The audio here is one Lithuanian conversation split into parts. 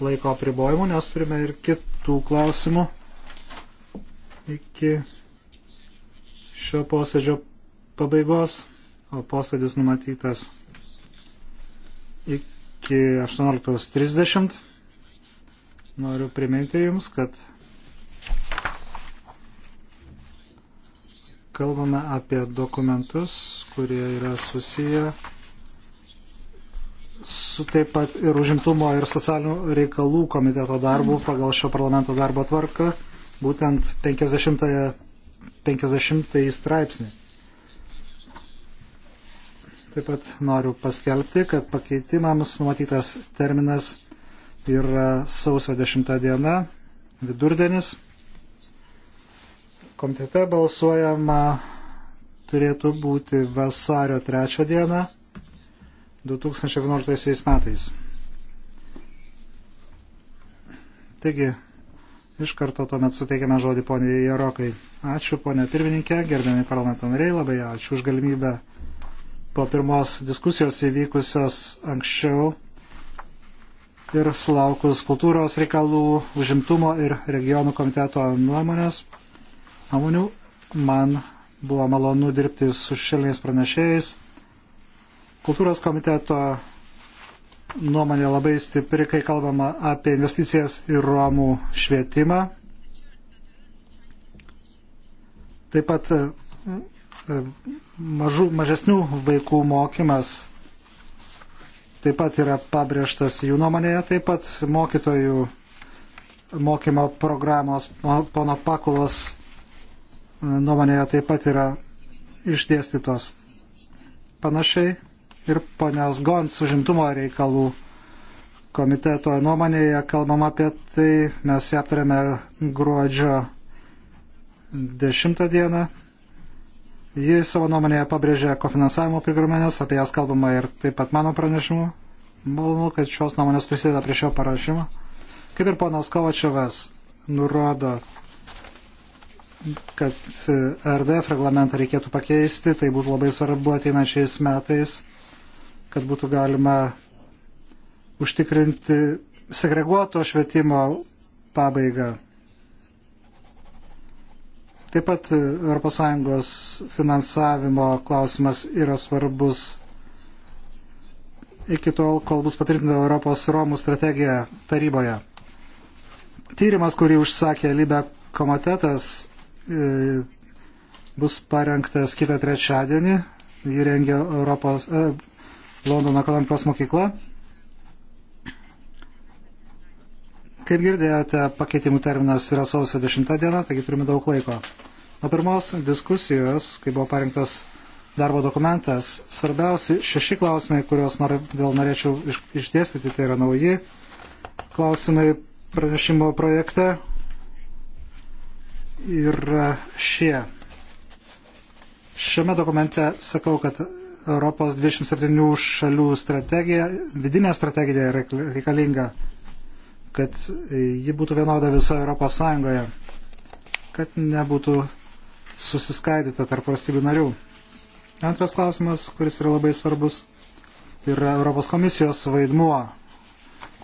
laiko apribojimų, nes turime ir kitų klausimų iki šio posėdžio pabaigos, o posėdis numatytas iki 18.30. Noriu priminti Jums, kad kalbame apie dokumentus, kurie yra susiję su taip pat ir užimtumo ir socialinių reikalų komiteto darbų pagal šio parlamento darbo tvarką, būtent 50, 50 straipsnį. Taip pat noriu paskelbti, kad pakeitimams numatytas terminas yra sausio 10 diena, vidurdienis. Komitete balsuojama turėtų būti vasario 3 diena 2011 metais. Taigi, iš karto tuomet suteikiame žodį poniai Jarokai. Ačiū, ponė pirmininkė, gerbiami parlamento nariai, labai ačiū už galimybę po pirmos diskusijos įvykusios anksčiau ir sulaukus kultūros reikalų, užimtumo ir regionų komiteto nuomonės, nuomonių, man buvo malonu dirbti su šelniais pranešėjais Kultūros komiteto nuomonė labai stipri, kai kalbama apie investicijas į Romų švietimą. Taip pat e, e, mažų, mažesnių vaikų mokymas taip pat yra pabrėžtas jų nuomonėje, taip pat mokytojų mokymo programos pono Pakulos e, nuomonėje taip pat yra išdėstytos. Panašiai ir ponios Gons užimtumo reikalų komiteto nuomonėje kalbama apie tai, mes ją aptarėme gruodžio 10 dieną. Ji savo nuomonėje pabrėžė kofinansavimo programės, apie jas kalbama ir taip pat mano pranešimu. Malonu, kad šios nuomonės prisideda prie šio parašymo. Kaip ir ponas Kovačiovas nurodo, kad RDF reglamentą reikėtų pakeisti, tai būtų labai svarbu ateinančiais metais kad būtų galima užtikrinti segreguoto švietimo pabaigą. Taip pat ES finansavimo klausimas yra svarbus iki tol, kol bus patvirtinta Europos Romų strategija taryboje. Tyrimas, kurį užsakė Libe komitetas, e, bus parengtas kitą trečiadienį. Jį rengia Europos, eh, Londono ekonomikos mokykla. Kaip girdėjote, pakeitimų terminas yra sausio 10 diena, taigi turime daug laiko. Nuo pirmos diskusijos, kai buvo parinktas darbo dokumentas, svarbiausi šeši klausimai, kuriuos nor, vėl norėčiau iš, išdėstyti, tai yra nauji klausimai pranešimo projekte ir šie. Šiame dokumente sakau, kad Europos 27 šalių strategija, vidinė strategija reikalinga, kad ji būtų vienoda visoje Europos Sąjungoje, kad nebūtų susiskaidyta tarp valstybių narių. Antras klausimas, kuris yra labai svarbus, yra Europos komisijos vaidmuo,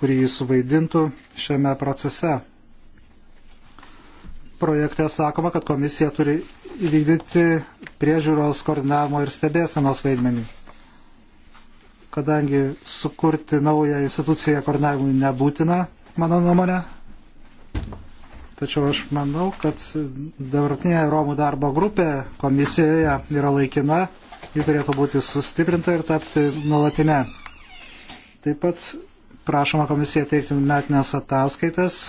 kurį jis suvaidintų šiame procese. Projekte sakoma, kad komisija turi įvykdyti priežiūros, koordinavimo ir stebėsenos vaidmenį. Kadangi sukurti naują instituciją koordinavimui nebūtina, mano nuomonė. Tačiau aš manau, kad dabartinė Romų darbo grupė komisijoje yra laikina, ji turėtų būti sustiprinta ir tapti nuolatinę. Taip pat prašoma komisija teikti metinės ataskaitas,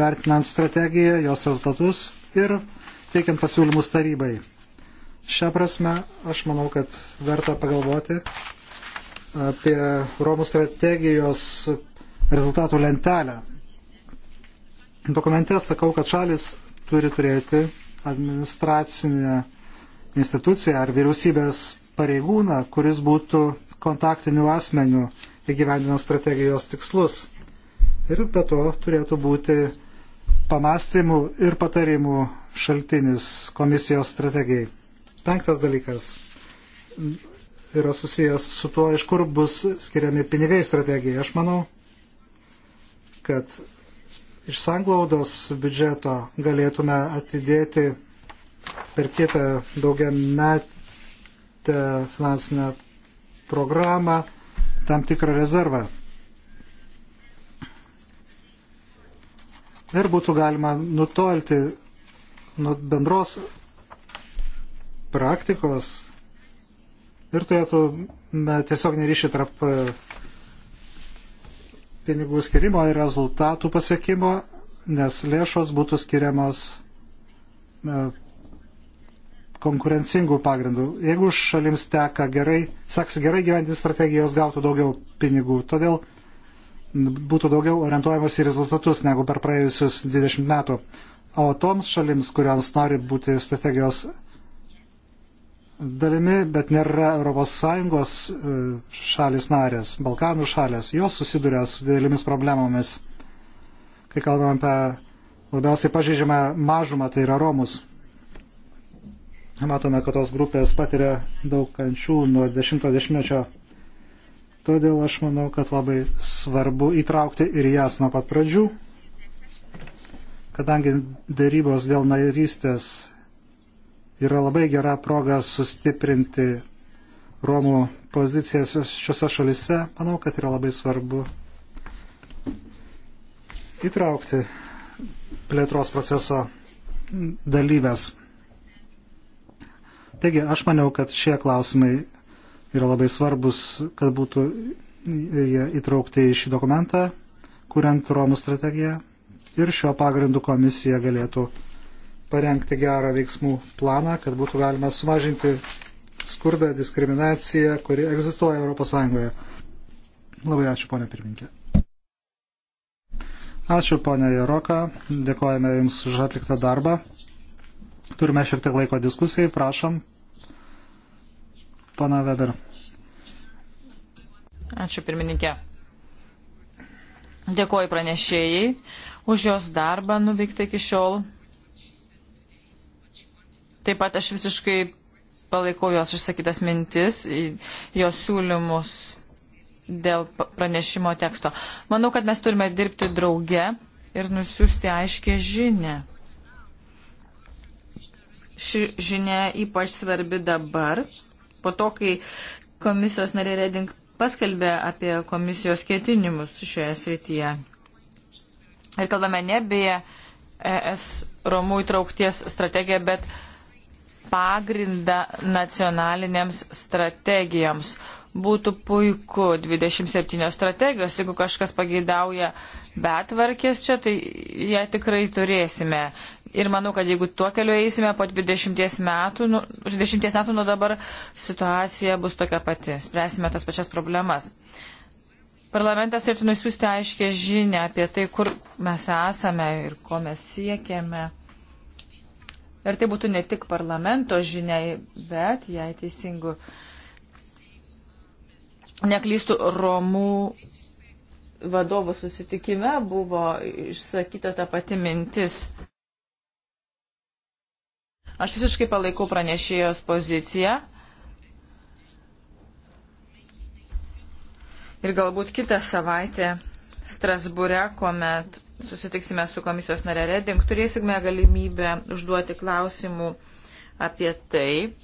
vertinant strategiją, jos rezultatus ir teikiant pasiūlymus tarybai. Šią prasme aš manau, kad verta pagalvoti apie Romų strategijos rezultatų lentelę. Dokumente sakau, kad šalis turi turėti administracinę instituciją ar vyriausybės pareigūną, kuris būtų kontaktinių asmenių įgyvendinant strategijos tikslus. Ir be to turėtų būti pamastymų ir patarimų šaltinis komisijos strategijai. Penktas dalykas yra susijęs su tuo, iš kur bus skiriami pinigai strategijai. Aš manau, kad iš sanglaudos biudžeto galėtume atidėti per kitą daugia metę finansinę programą tam tikrą rezervą. ir būtų galima nutolti nuo bendros praktikos ir turėtume tiesiog neryšį tarp e, pinigų skirimo ir rezultatų pasiekimo, nes lėšos būtų skiriamos konkurencingų pagrindų. Jeigu šalims teka gerai, seks gerai gyventi strategijos, gautų daugiau pinigų. Todėl būtų daugiau orientuojamas į rezultatus negu per praėjusius 20 metų. O toms šalims, kuriams nori būti strategijos dalimi, bet nėra ES e, šalis narės, Balkanų šalis, jos susiduria su didelėmis problemomis. Kai kalbame apie labiausiai pažeidžiamą mažumą, tai yra Romus. Matome, kad tos grupės patiria daug kančių nuo 10-mečio Todėl aš manau, kad labai svarbu įtraukti ir jas nuo pat pradžių, kadangi dėrybos dėl narystės yra labai gera proga sustiprinti Romų pozicijas šiuose šalise, manau, kad yra labai svarbu įtraukti plėtros proceso dalyves. Taigi, aš maniau, kad šie klausimai yra labai svarbus, kad būtų jie įtraukti į šį dokumentą, kuriant Romų strategiją. Ir šiuo pagrindu komisija galėtų parengti gerą veiksmų planą, kad būtų galima sumažinti skurdą, diskriminaciją, kuri egzistuoja ES. Labai ačiū, ponė pirminkė. Ačiū, ponė Jaroka. Dėkojame Jums už atliktą darbą. Turime šiek tiek laiko diskusijai. Prašom, Pana Weber. Ačiū pirmininkė. Dėkoju pranešėjai už jos darbą nuveiktą iki šiol. Taip pat aš visiškai palaikau jos išsakytas mintis, jos siūlymus dėl pranešimo teksto. Manau, kad mes turime dirbti drauge ir nusiųsti aiškę žinę. Ši žinia ypač svarbi dabar, po to, kai komisijos narė Reding paskelbė apie komisijos ketinimus šioje srityje. Ir kalbame ne beje ES Romų įtraukties strategiją, bet pagrindą nacionalinėms strategijoms būtų puiku 27 strategijos. Jeigu kažkas pageidauja betvarkės čia, tai ją tikrai turėsime. Ir manau, kad jeigu tuo keliu eisime po 20 metų, nu, 20 metų nuo dabar situacija bus tokia pati. Spręsime tas pačias problemas. Parlamentas turėtų nusiųsti aiškę žinę apie tai, kur mes esame ir ko mes siekiame. Ir tai būtų ne tik parlamento žiniai, bet, jei teisingų neklystų, Romų vadovų susitikime buvo išsakyta ta pati mintis. Aš visiškai palaikau pranešėjos poziciją. Ir galbūt kitą savaitę Strasbūre, kuomet susitiksime su komisijos nare Reding, turėsime galimybę užduoti klausimų apie tai,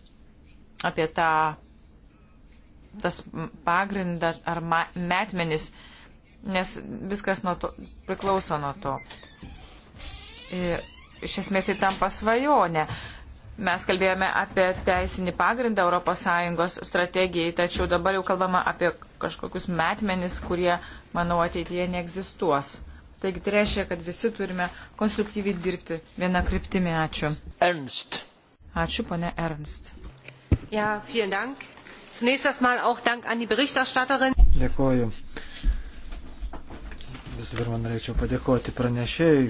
apie tą tas pagrindas ar metmenis, nes viskas nuo to, priklauso nuo to. Ir iš esmės tai tampa svajonė. Mes kalbėjome apie teisinį pagrindą ES strategijai, tačiau dabar jau kalbama apie kažkokius metmenis, kurie, manau, ateityje neegzistuos. Taigi tai reiškia, kad visi turime konstruktyviai dirbti vieną kryptimį. Ačiū. Ernst. Ačiū, ponė Ernst. Ja, vielen Dank. Zunächst erstmal auch Dank an die Berichterstatterin. Dėkoju. Visų pirma, norėčiau padėkoti pranešėjai.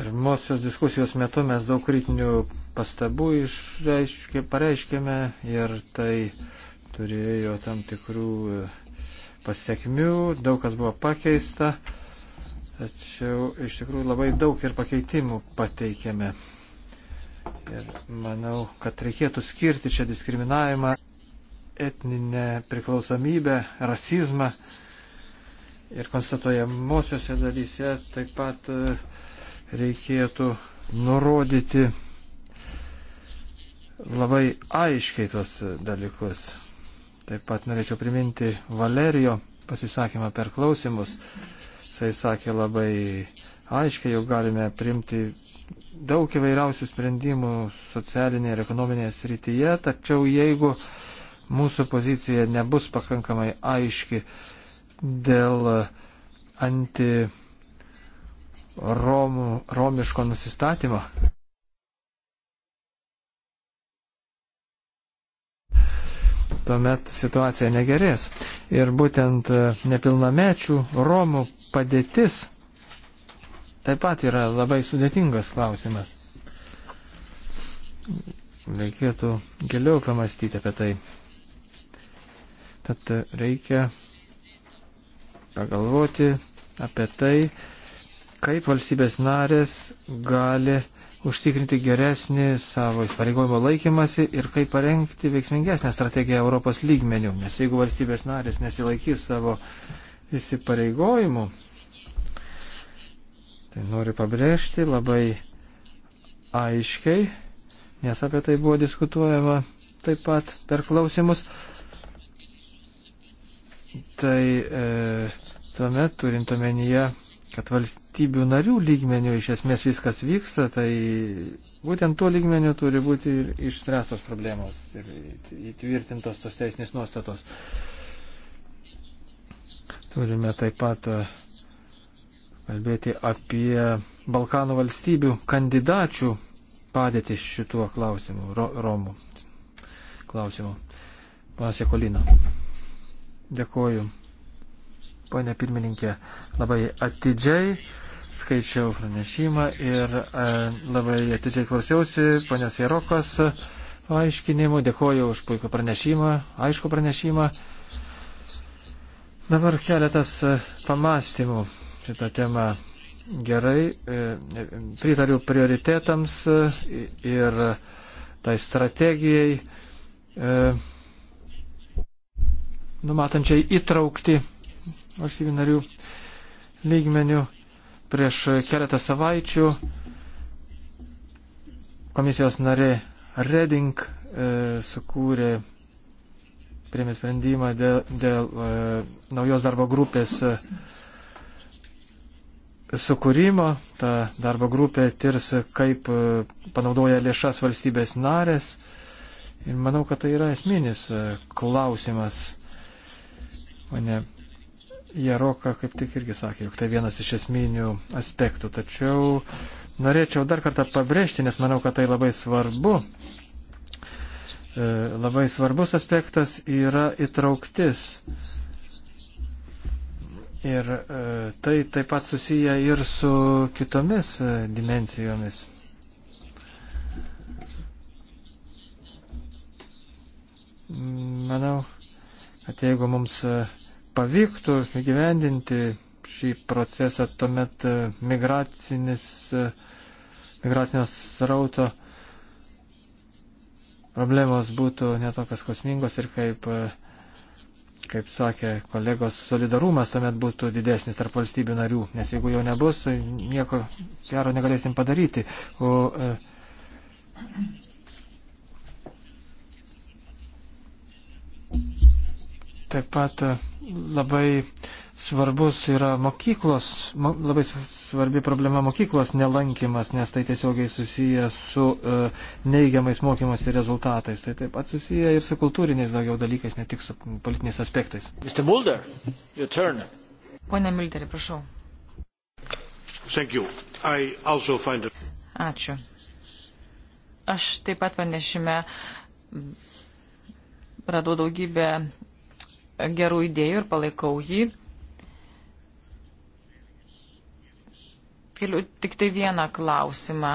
Pirmosios diskusijos metu mes daug kritinių pastabų išreiškė, pareiškėme ir tai turėjo tam tikrų e, pasiekmių, daug kas buvo pakeista, tačiau iš tikrųjų labai daug ir pakeitimų pateikėme. Ir manau, kad reikėtų skirti čia diskriminavimą, etninę priklausomybę, rasizmą. Ir konstatuojamosiose dalyse taip pat e, reikėtų nurodyti labai aiškiai tuos dalykus. Taip pat norėčiau priminti Valerijo pasisakymą per klausimus. Jisai sakė labai aiškiai jau galime primti daug įvairiausių sprendimų socialinėje ir ekonominėje srityje, tačiau jeigu mūsų pozicija nebus pakankamai aiški dėl anti romų, romiško nusistatymo, tuomet situacija negerės. Ir būtent nepilnamečių romų padėtis taip pat yra labai sudėtingas klausimas. Reikėtų giliau pamastyti apie tai. Tad reikia pagalvoti apie tai, kaip valstybės narės gali užtikrinti geresnį savo įsipareigojimo laikymasi ir kaip parengti veiksmingesnę strategiją Europos lygmenių. Nes jeigu valstybės narės nesilaikys savo įsipareigojimų, Tai noriu pabrėžti labai aiškiai, nes apie tai buvo diskutuojama taip pat per klausimus. Tai e, tuomet turint omenyje, kad valstybių narių lygmenių iš esmės viskas vyksta, tai būtent tuo lygmeniu turi būti ir išspręstos problemos ir įtvirtintos tos teisinės nuostatos. Turime taip pat. E, kalbėti apie Balkanų valstybių kandidačių padėtį šituo klausimu, ro, Romų klausimu. Panas Jekolina. Dėkoju. Pane pirmininkė, labai atidžiai skaičiau pranešimą ir e, labai atidžiai klausiausi ponios Jerokos aiškinimų. Dėkoju už puikų pranešimą, aišku pranešimą. Dabar keletas e, pamastymų šitą temą gerai, e, e, pritariu prioritetams e, ir tai strategijai numatančiai įtraukti valstybių narių lygmenių. Prieš keletą savaičių komisijos narė Reding e, sukūrė priėmė sprendimą dėl, dėl e, naujos darbo grupės e, sukūrimo. Ta darbo grupė tirs, kaip e, panaudoja lėšas valstybės narės. Ir manau, kad tai yra esminis e, klausimas. Mane Jaroka kaip tik irgi sakė, jog tai vienas iš esminių aspektų. Tačiau norėčiau dar kartą pabrėžti, nes manau, kad tai labai svarbu. E, labai svarbus aspektas yra įtrauktis Ir e, tai taip pat susiję ir su kitomis e, dimencijomis. Manau, kad jeigu mums e, pavyktų įgyvendinti šį procesą, tuomet migracinis, migracinio srauto problemos būtų netokios kosmingos ir kaip uh, kaip sakė kolegos, solidarumas tuomet būtų didesnis tarp valstybių narių, nes jeigu jo nebus, tai nieko gero negalėsim padaryti. O, e, taip pat e, labai e, svarbus yra mokyklos, labai svarbi problema mokyklos nelankimas, nes tai tiesiogiai susiję su e, neigiamais mokymosi rezultatais. Tai taip pat susiję ir su kultūriniais daugiau dalykais, ne tik su politiniais aspektais. Mr. Mulder, your turn. Pone Milderi, prašau. Thank you. I also find it... Ačiū. Aš taip pat pranešime radau daugybę gerų idėjų ir palaikau jį. Keliu tik tai vieną klausimą.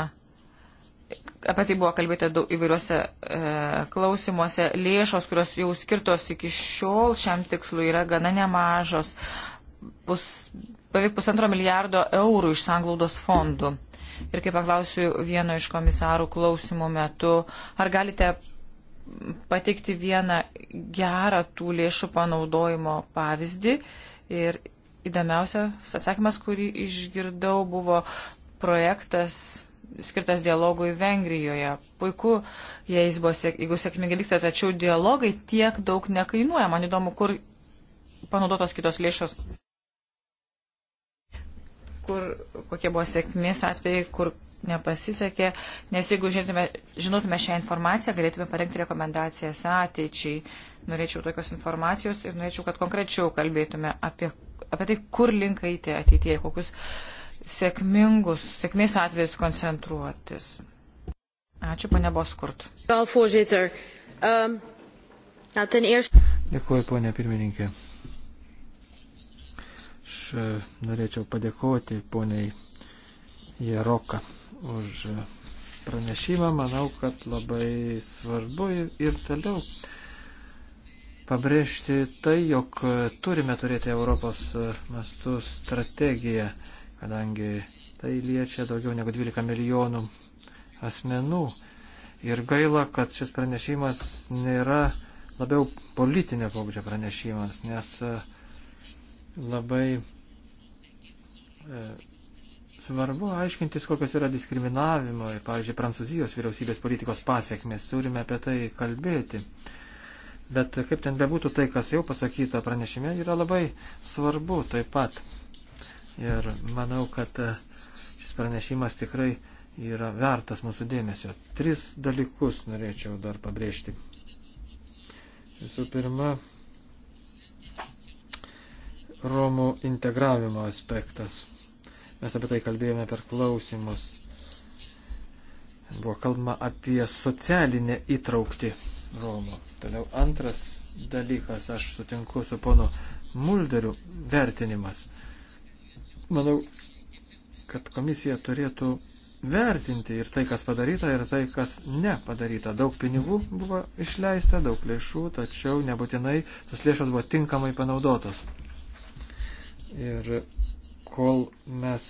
Apie tai buvo kalbėta daug įvairiuose e, klausimuose. Lėšos, kurios jau skirtos iki šiol šiam tikslui, yra gana nemažos. Pus, beveik pusantro milijardo eurų iš sanglaudos fondų. Ir kaip paklausiu vieno iš komisarų klausimų metu, ar galite pateikti vieną gerą tų lėšų panaudojimo pavyzdį ir įdomiausias atsakymas, kurį išgirdau, buvo projektas skirtas dialogui Vengrijoje. Puiku, jei jis buvo, sėk, jeigu sėkmingai vyksta, tačiau dialogai tiek daug nekainuoja. Man įdomu, kur panaudotos kitos lėšos, kur, kokie buvo sėkmės atvejai, kur nepasisekė, nes jeigu žinotume, žinotume šią informaciją, galėtume parengti rekomendacijas ateičiai. Norėčiau tokios informacijos ir norėčiau, kad konkrečiau kalbėtume apie apie tai, kur link eiti ateityje, kokius sėkmingus, sėkmės atvejus koncentruotis. Ačiū, pane Boskurt. Ehm, Dėkuoju, ponė pirmininkė. Aš e, norėčiau padėkoti poniai Jeroka už pranešimą. Manau, kad labai svarbu ir toliau pabrėžti tai, jog turime turėti Europos mastų strategiją, kadangi tai liečia daugiau negu 12 milijonų asmenų. Ir gaila, kad šis pranešimas nėra labiau politinio pobūdžio pranešimas, nes e, labai e, svarbu aiškintis, kokios yra diskriminavimo ir, pavyzdžiui, Prancūzijos vyriausybės politikos pasiekmes. Turime apie tai kalbėti. Bet kaip ten bebūtų, tai, kas jau pasakyta pranešime, yra labai svarbu taip pat. Ir manau, kad e, šis pranešimas tikrai yra vertas mūsų dėmesio. Tris dalykus norėčiau dar pabrėžti. Visų pirma, Romų integravimo aspektas. Mes apie tai kalbėjome per klausimus. Buvo kalbama apie socialinę įtraukti Romų. Toliau antras dalykas, aš sutinku su pono Mulderiu, vertinimas. Manau, kad komisija turėtų vertinti ir tai, kas padaryta, ir tai, kas nepadaryta. Daug pinigų buvo išleista, daug lėšų, tačiau nebūtinai tos lėšos buvo tinkamai panaudotos. Ir kol mes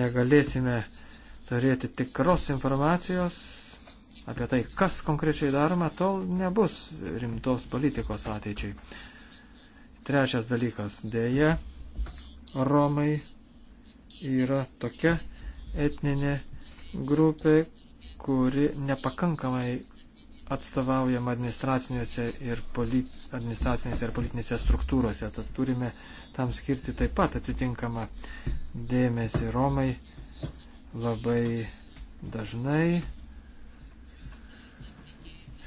negalėsime turėti tikros informacijos, apie tai, kas konkrečiai daroma, tol nebus rimtos politikos ateičiai. Trečias dalykas. Dėja, Romai yra tokia etninė grupė, kuri nepakankamai atstovaujama administracinėse ir, polit, administracinėse ir politinėse struktūrose. Tad turime tam skirti taip pat atitinkamą dėmesį. Romai labai dažnai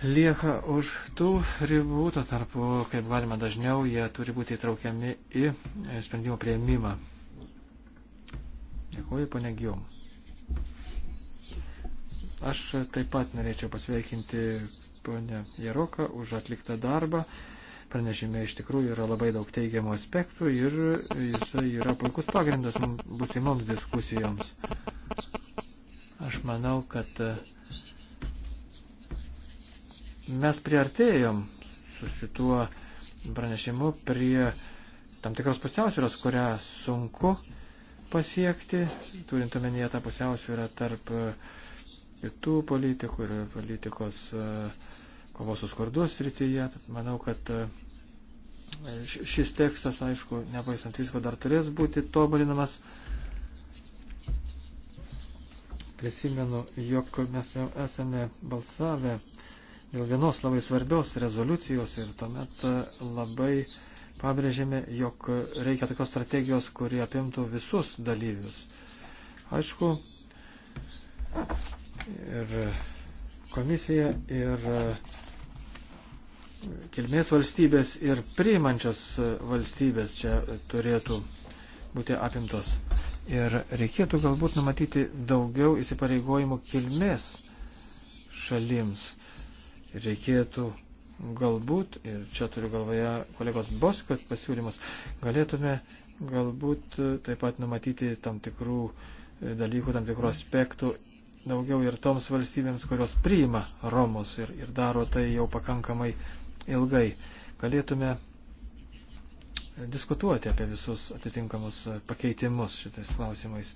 lieka už tų ribų, to tarpu, kaip galima dažniau, jie turi būti įtraukiami į e, sprendimo prieimimą. Dėkuoju, ponė Gijom. Aš taip pat norėčiau pasveikinti ponę Jaroką už atliktą darbą. Pranešime iš tikrųjų yra labai daug teigiamų aspektų ir jisai yra puikus pagrindas būsimoms diskusijoms. Aš manau, kad uh, mes priartėjom su šituo pranešimu prie tam tikros pusiausvėros, kurią sunku pasiekti, turint omenyje tą pusiausvyrą tarp e, kitų politikų ir politikos e, kovos su skurdus rytyje. Manau, kad e, šis tekstas, aišku, nepaisant visko, dar turės būti tobulinamas. Prisimenu, jog mes jau esame balsavę dėl vienos labai svarbios rezoliucijos ir tuomet e, labai pabrėžėme, jog reikia tokios strategijos, kuri apimtų visus dalyvius. Aišku, ir komisija, ir e, kilmės valstybės, ir priimančios e, valstybės čia turėtų būti apimtos. Ir reikėtų galbūt numatyti daugiau įsipareigojimų kilmės šalims reikėtų galbūt, ir čia turiu galvoje kolegos Boskot pasiūlymus, galėtume galbūt e, taip pat numatyti tam tikrų e, dalykų, tam tikrų aspektų daugiau ir toms valstybėms, kurios priima Romus ir, ir daro tai jau pakankamai ilgai. Galėtume diskutuoti apie visus atitinkamus pakeitimus šitais klausimais.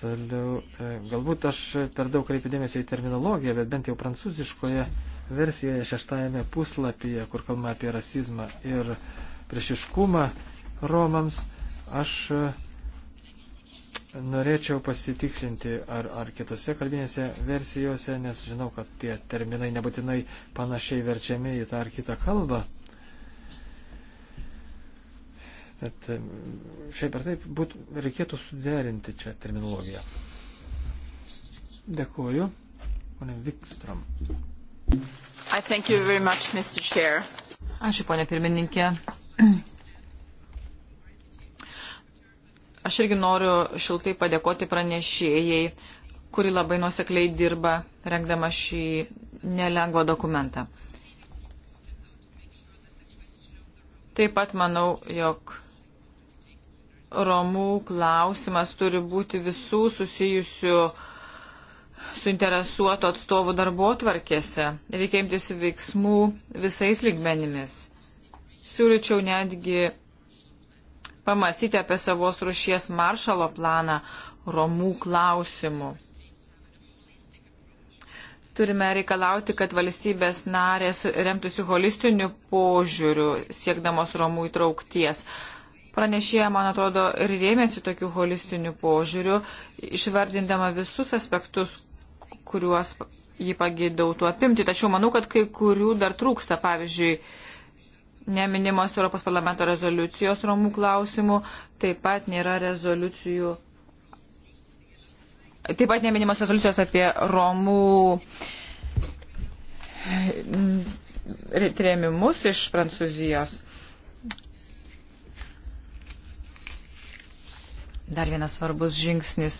Toliau, e, galbūt aš per daug kreipiu dėmesio į terminologiją, bet bent jau prancūziškoje versijoje šeštajame puslapyje, kur kalbama apie rasizmą ir priešiškumą Romams, aš e, norėčiau pasitikslinti ar, ar kitose kalbinėse versijose, nes žinau, kad tie terminai nebūtinai panašiai verčiami į tą ar kitą kalbą. Tad e, šiaip ar taip būt, reikėtų suderinti čia terminologiją. Dėkuoju. Pone Vikstrom. Much, Ačiū, ponė pirmininkė. Aš irgi noriu šiltai padėkoti pranešėjai, kuri labai nuosekliai dirba, rengdama šį nelengvą dokumentą. Taip pat manau, jog Romų klausimas turi būti visų susijusių suinteresuotų atstovų darbo tvarkėse. Reikia imtis veiksmų visais lygmenimis. Siūlyčiau netgi pamastyti apie savos rušies maršalo planą Romų klausimų. Turime reikalauti, kad valstybės narės remtųsi holistiniu požiūriu, siekdamos Romų įtraukties. Pranešėja, man atrodo, ir rėmėsi tokių holistinių požiūrių, išvardindama visus aspektus, kuriuos jį pagėdautų apimti. Tačiau manau, kad kai kurių dar trūksta, pavyzdžiui, neminimos Europos parlamento rezoliucijos romų klausimų, taip pat nėra rezoliucijų. Taip pat neminimos rezoliucijos apie romų mm, trėmimus iš Prancūzijos. dar vienas svarbus žingsnis.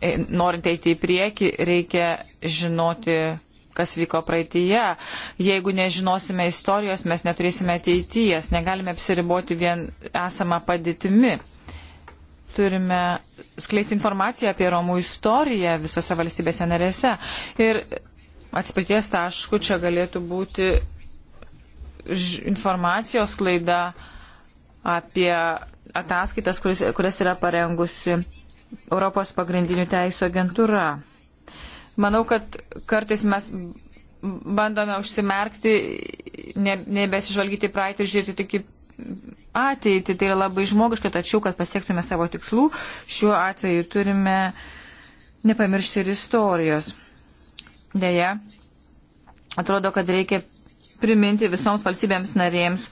E, norint eiti į priekį, reikia žinoti, kas vyko praeitįje. Jeigu nežinosime istorijos, mes neturėsime ateityjas, negalime apsiriboti vien esamą padėtimi. Turime skleisti informaciją apie Romų istoriją visose valstybėse narėse. Ir atspirties taškų čia galėtų būti informacijos klaida apie ataskaitas, kuris, kurias yra parengusi Europos pagrindinių teisų agentūra. Manau, kad kartais mes bandome užsimerkti, ne, nebesižvalgyti praeitį ir žiūrėti tik į ateitį. Tai yra labai žmogiška, tačiau, kad pasiektume savo tikslų, šiuo atveju turime nepamiršti ir istorijos. Deja, atrodo, kad reikia priminti visoms valstybėms narėms,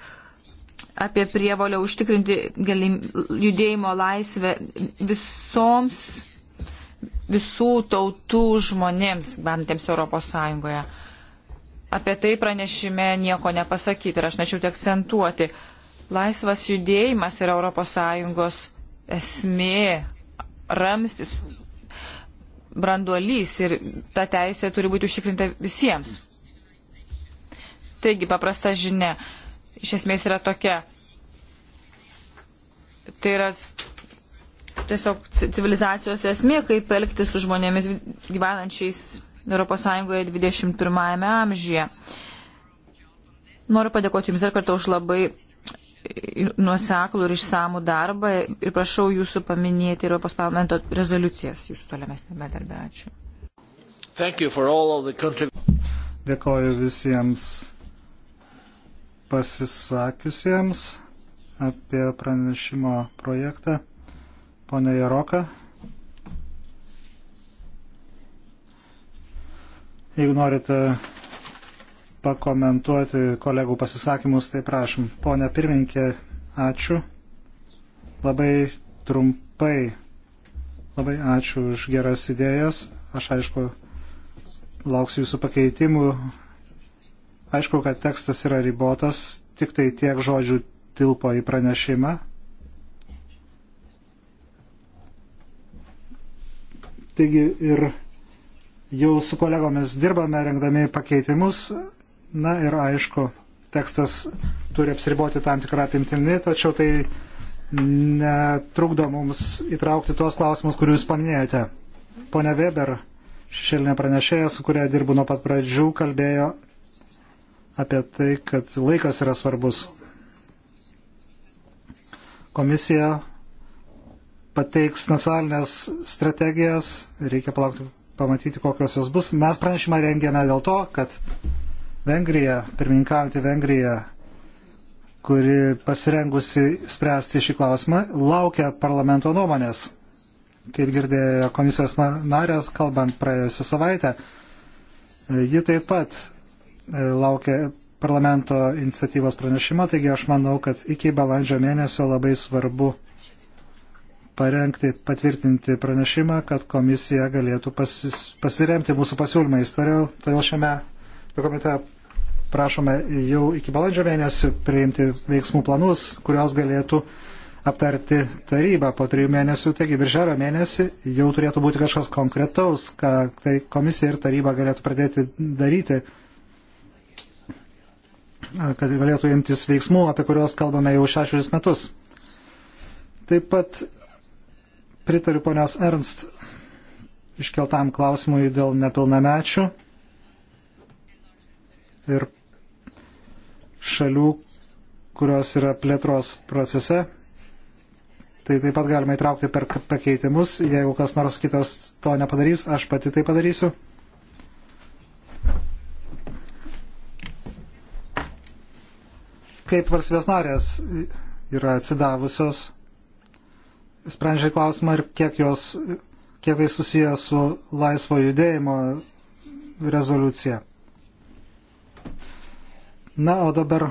apie prievolę užtikrinti galim, judėjimo laisvę visoms visų tautų žmonėms, bandėms Europos Sąjungoje. Apie tai pranešime nieko nepasakyti ir aš nečiau tik akcentuoti. Laisvas judėjimas yra Europos Sąjungos esmė, ramstis, branduolys ir ta teisė turi būti užtikrinta visiems. Taigi, paprasta žinia, iš esmės yra tokia. Tai yra tiesiog civilizacijos esmė, kaip elgtis su žmonėmis gyvenančiais ES 21 amžyje. Noriu padėkoti Jums dar kartą už labai nuoseklų ir išsamų darbą ir prašau Jūsų paminėti Europos parlamento rezoliucijas Jūsų tolimesnėme darbe. Ačiū. Dėkoju visiems pasisakiusiems apie pranešimo projektą. Pone Jaroka. Jeigu norite pakomentuoti kolegų pasisakymus, tai prašom. Pone pirmininkė, ačiū. Labai trumpai. Labai ačiū už geras idėjas. Aš aišku, lauksiu jūsų pakeitimų Aišku, kad tekstas yra ribotas, tik tai tiek žodžių tilpo į pranešimą. Taigi ir jau su kolegomis dirbame, rengdami pakeitimus. Na ir aišku, tekstas turi apsiriboti tam tikrą apimtimį, tačiau tai netrukdo mums įtraukti tuos klausimus, kuriuos paminėjote. Pone Weber, šešėlinė pranešėja, su kuria dirbu nuo pat pradžių, kalbėjo apie tai, kad laikas yra svarbus. Komisija pateiks nacionalinės strategijas, reikia palaukti, pamatyti, kokios jos bus. Mes pranešimą rengėme dėl to, kad Vengrija, pirmininkaujantį Vengriją, kuri pasirengusi spręsti šį klausimą, laukia parlamento nuomonės. Kaip girdėjo komisijos narės, kalbant praėjusią savaitę, ji taip pat E, laukia parlamento iniciatyvos pranešimo, taigi aš manau, kad iki balandžio mėnesio labai svarbu parengti, patvirtinti pranešimą, kad komisija galėtų pasis, pasiremti mūsų pasiūlymais. Todėl šiame dokumente prašome jau iki balandžio mėnesio priimti veiksmų planus, kurios galėtų aptarti tarybą po trijų mėnesių. Taigi, birželio mėnesį jau turėtų būti kažkas konkretaus, ką tai komisija ir taryba galėtų pradėti daryti kad galėtų imtis veiksmų, apie kuriuos kalbame jau šešerius metus. Taip pat pritariu ponios Ernst iškeltam klausimui dėl nepilnamečių ir šalių, kurios yra plėtros procese. Tai taip pat galima įtraukti per pakeitimus. Jeigu kas nors kitas to nepadarys, aš pati tai padarysiu. kaip valstybės narės yra atsidavusios, sprendžia klausimą ir kiek jos, kiek tai susiję su laisvo judėjimo rezoliucija. Na, o dabar e,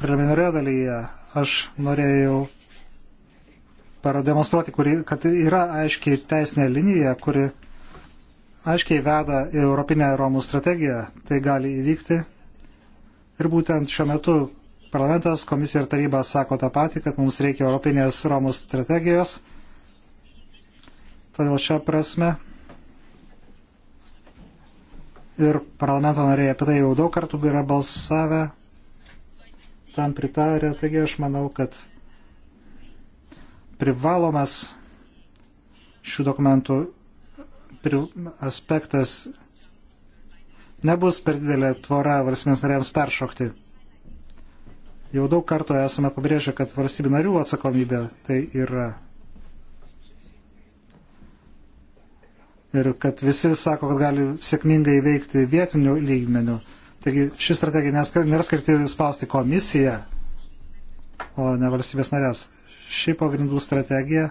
preliminarioje dalyje aš norėjau pademonstruoti, kuri, kad yra aiškiai teisinė linija, kuri aiškiai veda į Europinę Romų strategiją. Tai gali įvykti Ir būtent šiuo metu parlamentas, komisija ir taryba sako tą patį, kad mums reikia Europinės Romų strategijos. Todėl šią prasme ir parlamento nariai apie tai jau daug kartų yra balsavę, tam pritarė, taigi aš manau, kad privalomas šių dokumentų aspektas Nebus per didelė tvora valstybės narėms peršokti. Jau daug kartų esame pabrėžę, kad valstybių narių atsakomybė tai yra. Ir kad visi sako, kad gali sėkmingai veikti vietiniu lygmeniu. Taigi ši strategija nėra skirti spausti komisiją, o ne valstybės narės. Ši pagrindų strategija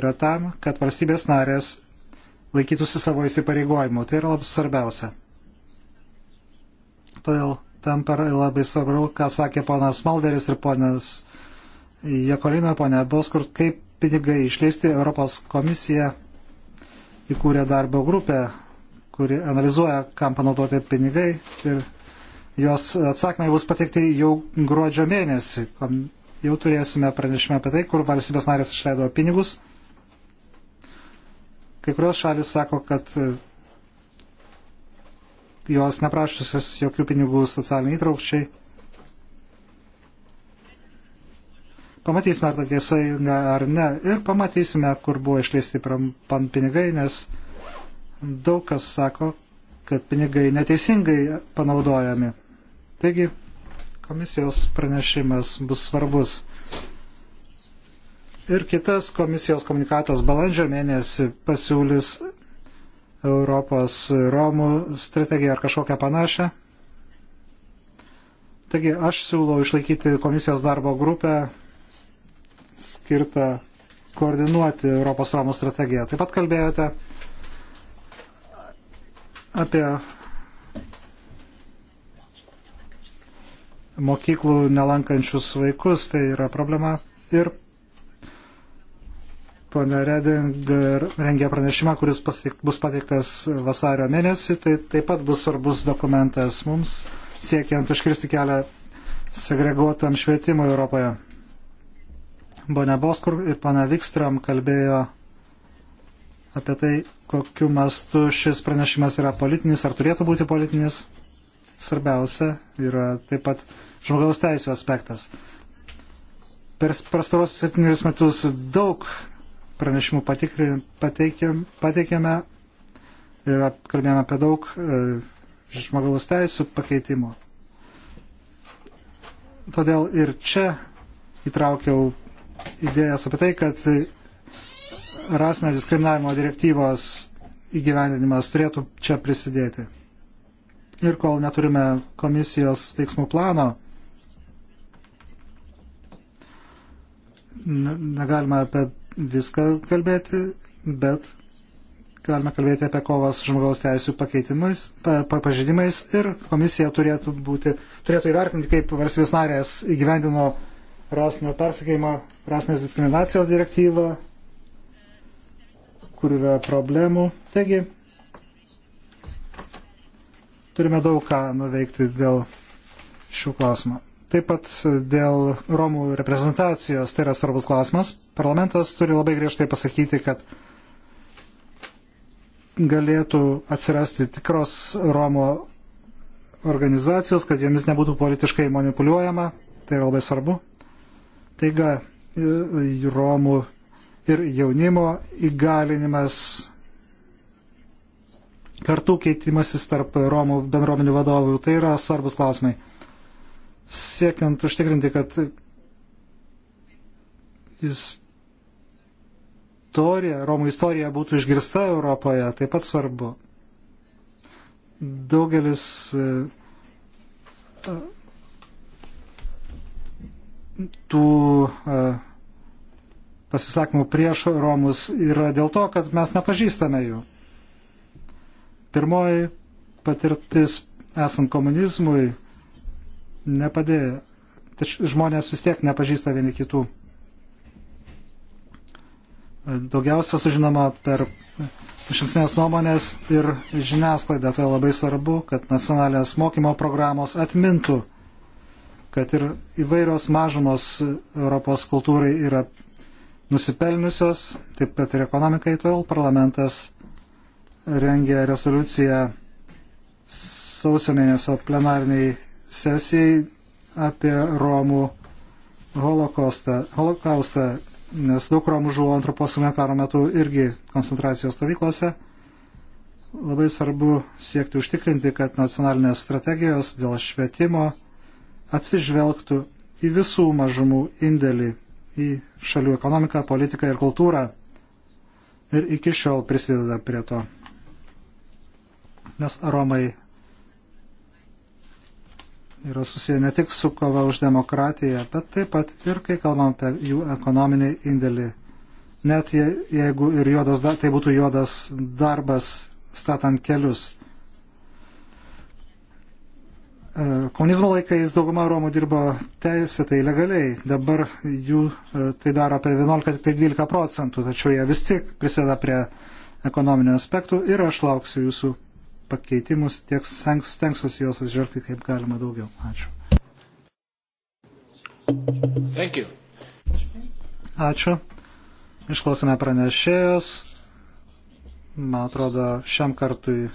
yra tam, kad valstybės narės laikytųsi savo įsipareigojimų. Tai yra labai svarbiausia. Todėl tam per labai svarbu, ką sakė ponas Malderis ir ponas Jekolino, ponė Boskurt, kaip pinigai išleisti Europos komisija įkūrė darbo grupę, kuri analizuoja, kam panaudoti pinigai ir jos atsakymai bus pateikti jau gruodžio mėnesį. Jau turėsime pranešimą apie tai, kur valstybės narės išleido pinigus. Kai kurios šalis sako, kad jos neprašusios jokių pinigų socialiniai įtraukčiai. Pamatysime, ar tai tiesa ar ne. Ir pamatysime, kur buvo išleisti pan pinigai, nes daug kas sako, kad pinigai neteisingai panaudojami. Taigi, komisijos pranešimas bus svarbus. Ir kitas komisijos komunikatas balandžio mėnesį pasiūlys Europos Romų strategiją ar kažkokią panašią. Taigi aš siūlau išlaikyti komisijos darbo grupę skirtą koordinuoti Europos Romų strategiją. Taip pat kalbėjote apie mokyklų nelankančius vaikus, tai yra problema. Ir Pana Reding rengia pranešimą, kuris pasik, bus pateiktas vasario mėnesį, tai taip pat bus svarbus dokumentas mums siekiant užkirsti kelią segreguotam švietimui Europoje. Bona Boskur ir pana Vikstram kalbėjo apie tai, kokiu mastu šis pranešimas yra politinis, ar turėtų būti politinis. Svarbiausia yra taip pat žmogaus teisų aspektas. Per pastarosius septynerius metus daug pranešimų pateikėme ir kalbėjome apie daug e, žmogaus teisų pakeitimų. Todėl ir čia įtraukiau idėjas apie tai, kad rasinio diskriminavimo direktyvos įgyvendinimas turėtų čia prisidėti. Ir kol neturime komisijos veiksmų plano, negalime apie viską kalbėti, bet galime kalbėti apie kovas žmogaus teisų pakeitimais, pa, pa, pažydimais ir komisija turėtų, būti, turėtų įvertinti, kaip valstybės narės įgyvendino rasinio persikėjimo, rasinės diskriminacijos direktyvą, kur yra problemų. Taigi, turime daug ką nuveikti dėl šių klausimų. Taip pat dėl Romų reprezentacijos tai yra svarbus klausimas. Parlamentas turi labai griežtai pasakyti, kad galėtų atsirasti tikros Romo organizacijos, kad jomis nebūtų politiškai manipuliuojama. Tai yra labai svarbu. Taiga e, Romų ir jaunimo įgalinimas kartų keitimasis tarp Romų bendruomenių vadovų. Tai yra svarbus klausimai siekiant užtikrinti, kad istorija, Romų istorija būtų išgirsta Europoje, taip pat svarbu. Daugelis e, tų e, pasisakymų prieš Romus yra dėl to, kad mes nepažįstame jų. Pirmoji patirtis esant komunizmui nepadėjo. Tačiau žmonės vis tiek nepažįsta vieni kitų. Daugiausia sužinoma per išankstinės nuomonės ir žiniasklaidą. Tai labai svarbu, kad nacionalinės mokymo programos atmintų, kad ir įvairios mažumos Europos kultūrai yra nusipelniusios, taip pat ir ekonomikai. Todėl parlamentas rengia rezoliuciją sausio mėnesio plenarniai sesijai apie Romų holokaustą, holokaustą nes daug Romų žuvo antro pasaulinio karo metu irgi koncentracijos stovyklose. Labai svarbu siekti užtikrinti, kad nacionalinės strategijos dėl švietimo atsižvelgtų į visų mažumų indėlį į šalių ekonomiką, politiką ir kultūrą. Ir iki šiol prisideda prie to. Nes Romai yra susiję ne tik su kova už demokratiją, bet taip pat ir kai kalbam apie jų ekonominį indėlį. Net je, jeigu ir juodas, tai būtų juodas darbas statant kelius. E, komunizmo laikais dauguma Romų dirbo teisėtai legaliai, dabar jų e, tai daro apie 11-12 tai procentų, tačiau jie vis tik prisėda prie ekonominių aspektų ir aš lauksiu jūsų pakeitimus, tiek stengsiuosi juos atžvelgti kaip galima daugiau. Ačiū. Thank you. Ačiū. Išklausome pranešėjos. Man atrodo, šiam kartui,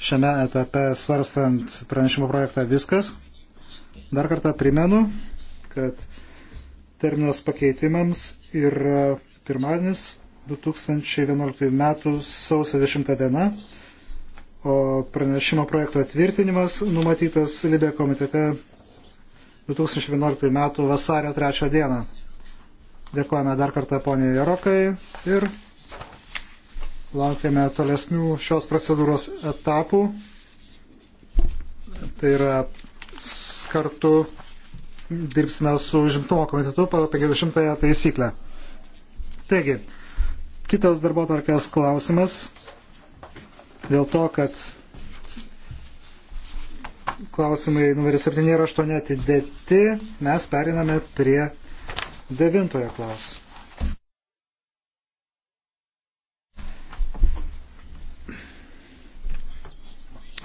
šiame etape svarstant pranešimo projektą viskas. Dar kartą primenu, kad terminas pakeitimams yra pirmadienis 2011 m. sausio 10 diena o pranešimo projekto tvirtinimas numatytas Libė komitete 2011 m. vasario 3 d. Dėkojame dar kartą poniai Jarokai ir laukiame tolesnių šios procedūros etapų. Tai yra kartu dirbsime su žimtumo komitetu pagal 50 taisyklę. Taigi, kitas darbo tvarkės klausimas dėl to, kad klausimai numeris 7 ir 8 atidėti, mes periname prie devintojo klausimo.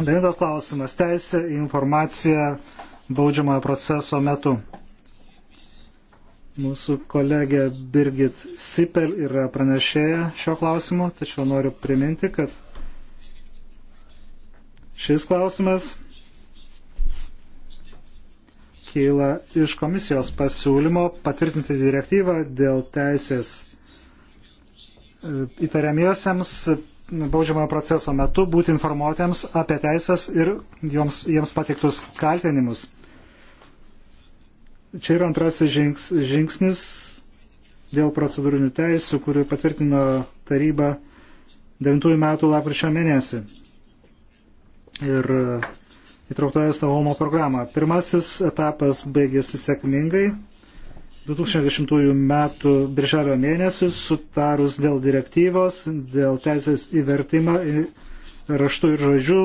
Devintas klausimas. Teisė į informaciją baudžiamojo proceso metu. Mūsų kolegė Birgit Sipel yra pranešėja šio klausimu, tačiau noriu priminti, kad Šis klausimas kyla iš komisijos pasiūlymo patvirtinti direktyvą dėl teisės e, įtariamiesiems baudžiamojo proceso metu būti informuotiems apie teisės ir joms, jiems patiktus kaltinimus. Čia yra antrasis žings, žingsnis dėl procedūrinių teisų, kurių patvirtino taryba 9 metų lapkričio mėnesį ir įtraukta į Stavomo programą. Pirmasis etapas baigėsi sėkmingai. 2010 m. birželio mėnesį sutarus dėl direktyvos, dėl teisės įvertimą raštų ir žodžių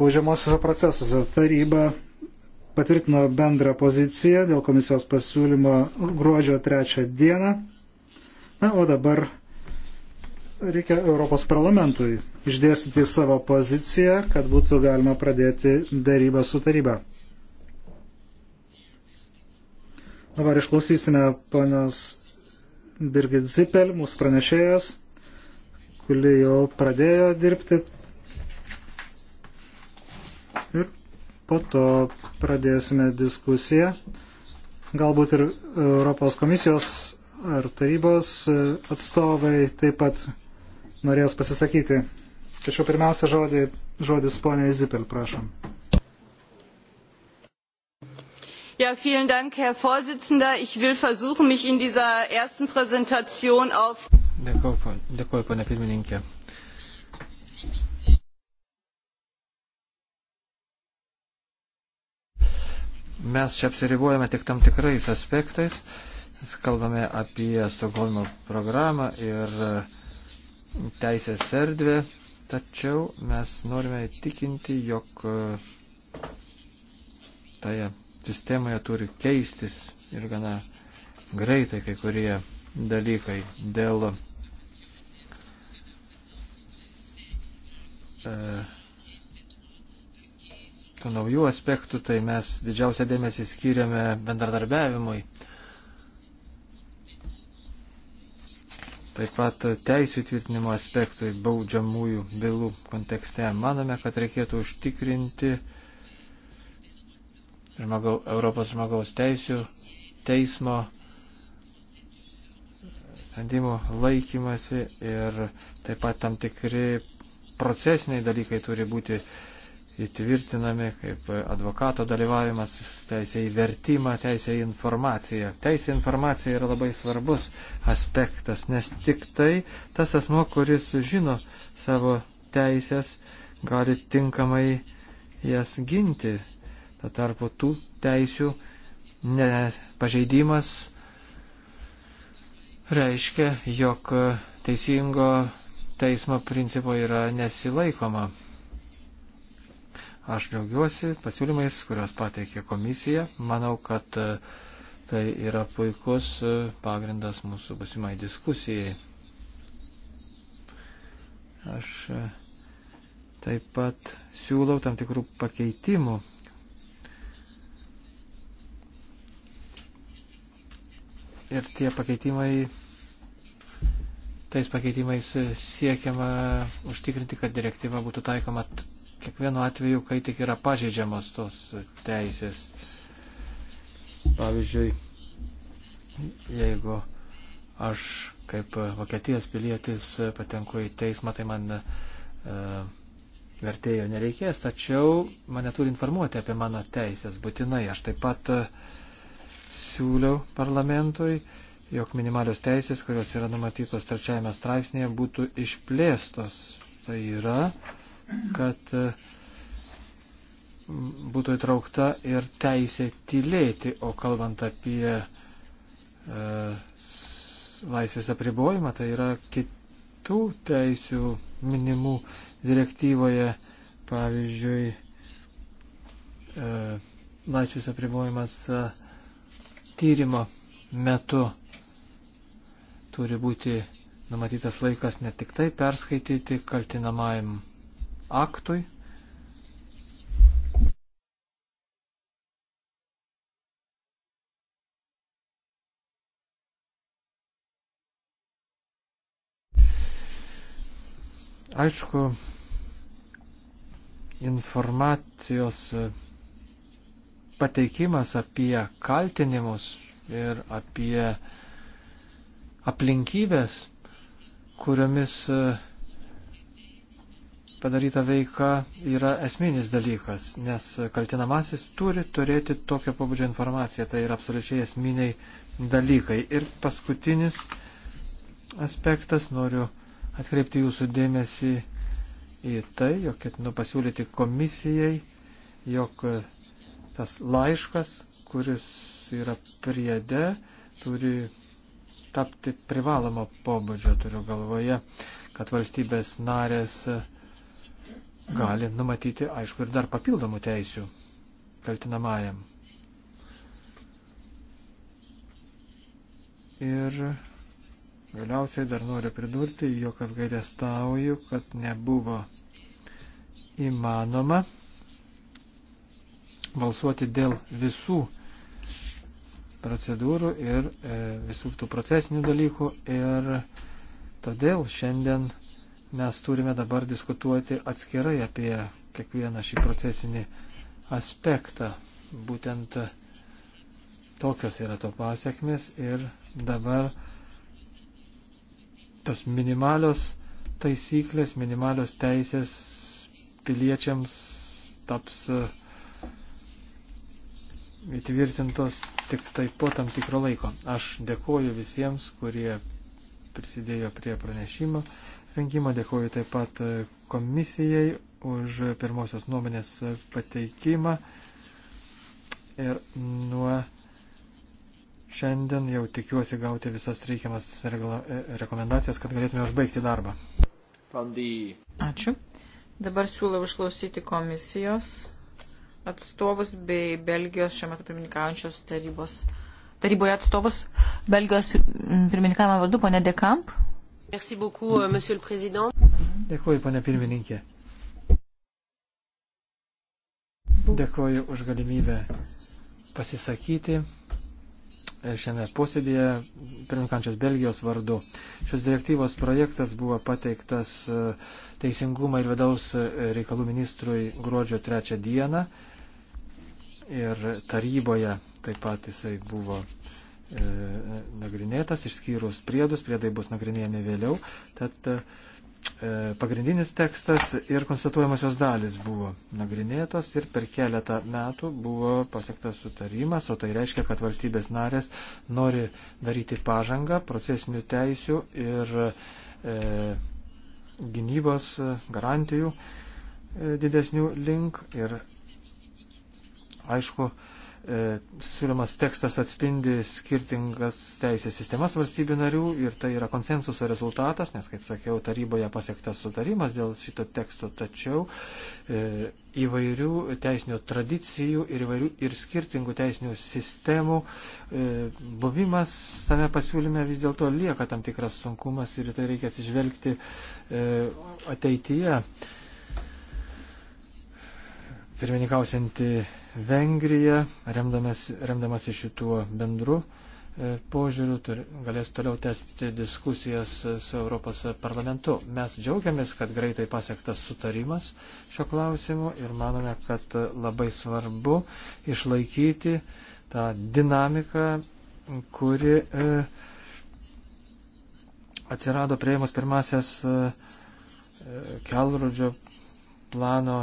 paužiamosiuose procesuose. Taryba patvirtino bendrą poziciją dėl komisijos pasiūlymo gruodžio 3 dieną. Na, o dabar reikia Europos parlamentui išdėstyti savo poziciją, kad būtų galima pradėti darybą su taryba. Dabar išklausysime ponios Birgit Zipel, mūsų pranešėjas, kuri jau pradėjo dirbti. Ir po to pradėsime diskusiją. Galbūt ir Europos komisijos ar tarybos atstovai taip pat norės pasisakyti. Tačiau pirmiausia žodį, žodis ponė Zipel, prašom. Ja, vielen Dank, Herr Vorsitzender. Ich will versuchen, mich in dieser ersten Präsentation auf. Dėkuoju, ponė pirmininkė. Mes čia apsiribuojame tik tam tikrais aspektais. Mes kalbame apie Stokholmo programą ir uh, teisės erdvę, tačiau mes norime įtikinti, jog toje sistemoje turi keistis ir gana greitai kai kurie dalykai dėl e, tų naujų aspektų, tai mes didžiausią dėmesį skiriame bendradarbiavimui taip pat teisų tvirtinimo aspektui baudžiamųjų bylų kontekste. Manome, kad reikėtų užtikrinti žmogau, Europos žmogaus teisų teismo sprendimų laikymasi ir taip pat tam tikri procesiniai dalykai turi būti įtvirtinami, kaip advokato dalyvavimas, teisė į vertimą, teisė į informaciją. Teisė į informaciją yra labai svarbus aspektas, nes tik tai tas asmo, kuris žino savo teisės, gali tinkamai jas ginti. Tuo tarpu tų teisių pažeidimas reiškia, jog teisingo teismo principo yra nesilaikoma. Aš džiaugiuosi pasiūlymais, kurios pateikė komisija. Manau, kad e, tai yra puikus e, pagrindas mūsų busimai diskusijai. Aš e, taip pat siūlau tam tikrų pakeitimų. Ir tie pakeitimai, tais pakeitimais siekiama užtikrinti, kad direktyva būtų taikoma kiekvienu atveju, kai tik yra pažeidžiamos tos teisės. Pavyzdžiui, jeigu aš kaip Vokietijos pilietis patenku į teismą, tai man e, vertėjo nereikės, tačiau mane turi informuoti apie mano teisės būtinai. Aš taip pat e, siūliau parlamentui, jog minimalios teisės, kurios yra numatytos trečiajame straipsnėje, būtų išplėstos. Tai yra, kad e, būtų įtraukta ir teisė tylėti, o kalbant apie e, laisvės apribojimą, tai yra kitų teisių minimų direktyvoje, pavyzdžiui, e, laisvės apribojimas e, tyrimo metu turi būti numatytas laikas ne tik tai perskaityti kaltinamajam aktui. Aišku, informacijos pateikimas apie kaltinimus ir apie aplinkybės, kuriomis padaryta veika yra esminis dalykas, nes kaltinamasis turi turėti tokio pabudžio informaciją, tai yra absoliučiai esminiai dalykai. Ir paskutinis aspektas, noriu atkreipti jūsų dėmesį į tai, jog ketinu pasiūlyti komisijai, jog tas laiškas, kuris yra priede, turi tapti privalomo pobūdžio, turiu galvoje, kad valstybės narės uh, gali numatyti, aišku, ir dar papildomų teisių kaltinamajam. Ir galiausiai dar noriu pridurti, jog apgailestauju, kad nebuvo įmanoma balsuoti dėl visų procedūrų ir e, visų tų procesinių dalykų ir todėl šiandien mes turime dabar diskutuoti atskirai apie kiekvieną šį procesinį aspektą. Būtent tokios yra to pasiekmes ir dabar tos minimalios taisyklės, minimalios teisės piliečiams taps e, įtvirtintos tik taip po tam tikro laiko. Aš dėkuoju visiems, kurie prisidėjo prie pranešimo rengimą, dėkoju taip pat e, komisijai už pirmosios nuomonės pateikimą. Ir nuo šiandien jau tikiuosi gauti visas reikiamas regla, e, rekomendacijas, kad galėtume užbaigti darbą. Ačiū. Dabar siūlau išklausyti komisijos atstovus bei Belgijos šiuo metu pirmininkaujančios tarybos. Taryboje atstovus Belgijos pirmininkavimo vardu, ponė Dekamp. Euh, Dėkuoju, pane pirmininkė. Dėkuoju už galimybę pasisakyti e, šiame posėdėje, pirmininkančios Belgijos vardu. Šios direktyvos projektas buvo pateiktas e, Teisingumo ir vidaus reikalų ministrui gruodžio trečią dieną ir taryboje taip pat jisai buvo E, nagrinėtas, išskyrus priedus, priedai bus nagrinėjami vėliau. Tad e, pagrindinis tekstas ir konstatuojamosios dalis buvo nagrinėtos ir per keletą metų buvo pasiektas sutarimas, o tai reiškia, kad valstybės narės nori daryti pažangą procesinių teisių ir e, gynybos garantijų e, didesnių link ir aišku, e, E, siūlymas tekstas atspindi skirtingas teisės sistemas valstybių narių ir tai yra konsensuso rezultatas, nes, kaip sakiau, taryboje pasiektas sutarimas dėl šito teksto, tačiau e, įvairių teisinių tradicijų ir, įvairių, ir skirtingų teisinių sistemų e, buvimas tame pasiūlyme vis dėlto lieka tam tikras sunkumas ir į tai reikia atsižvelgti e, ateityje. Pirmininkausianti Vengrija, remdamas, remdamas iš šituo bendru e, požiūriu, galės toliau tęsti diskusijas e, su Europos parlamentu. Mes džiaugiamės, kad greitai pasiektas sutarimas šio klausimu ir manome, kad labai svarbu išlaikyti tą dinamiką, kuri e, atsirado prieimus pirmasias e, e, kelrodžio plano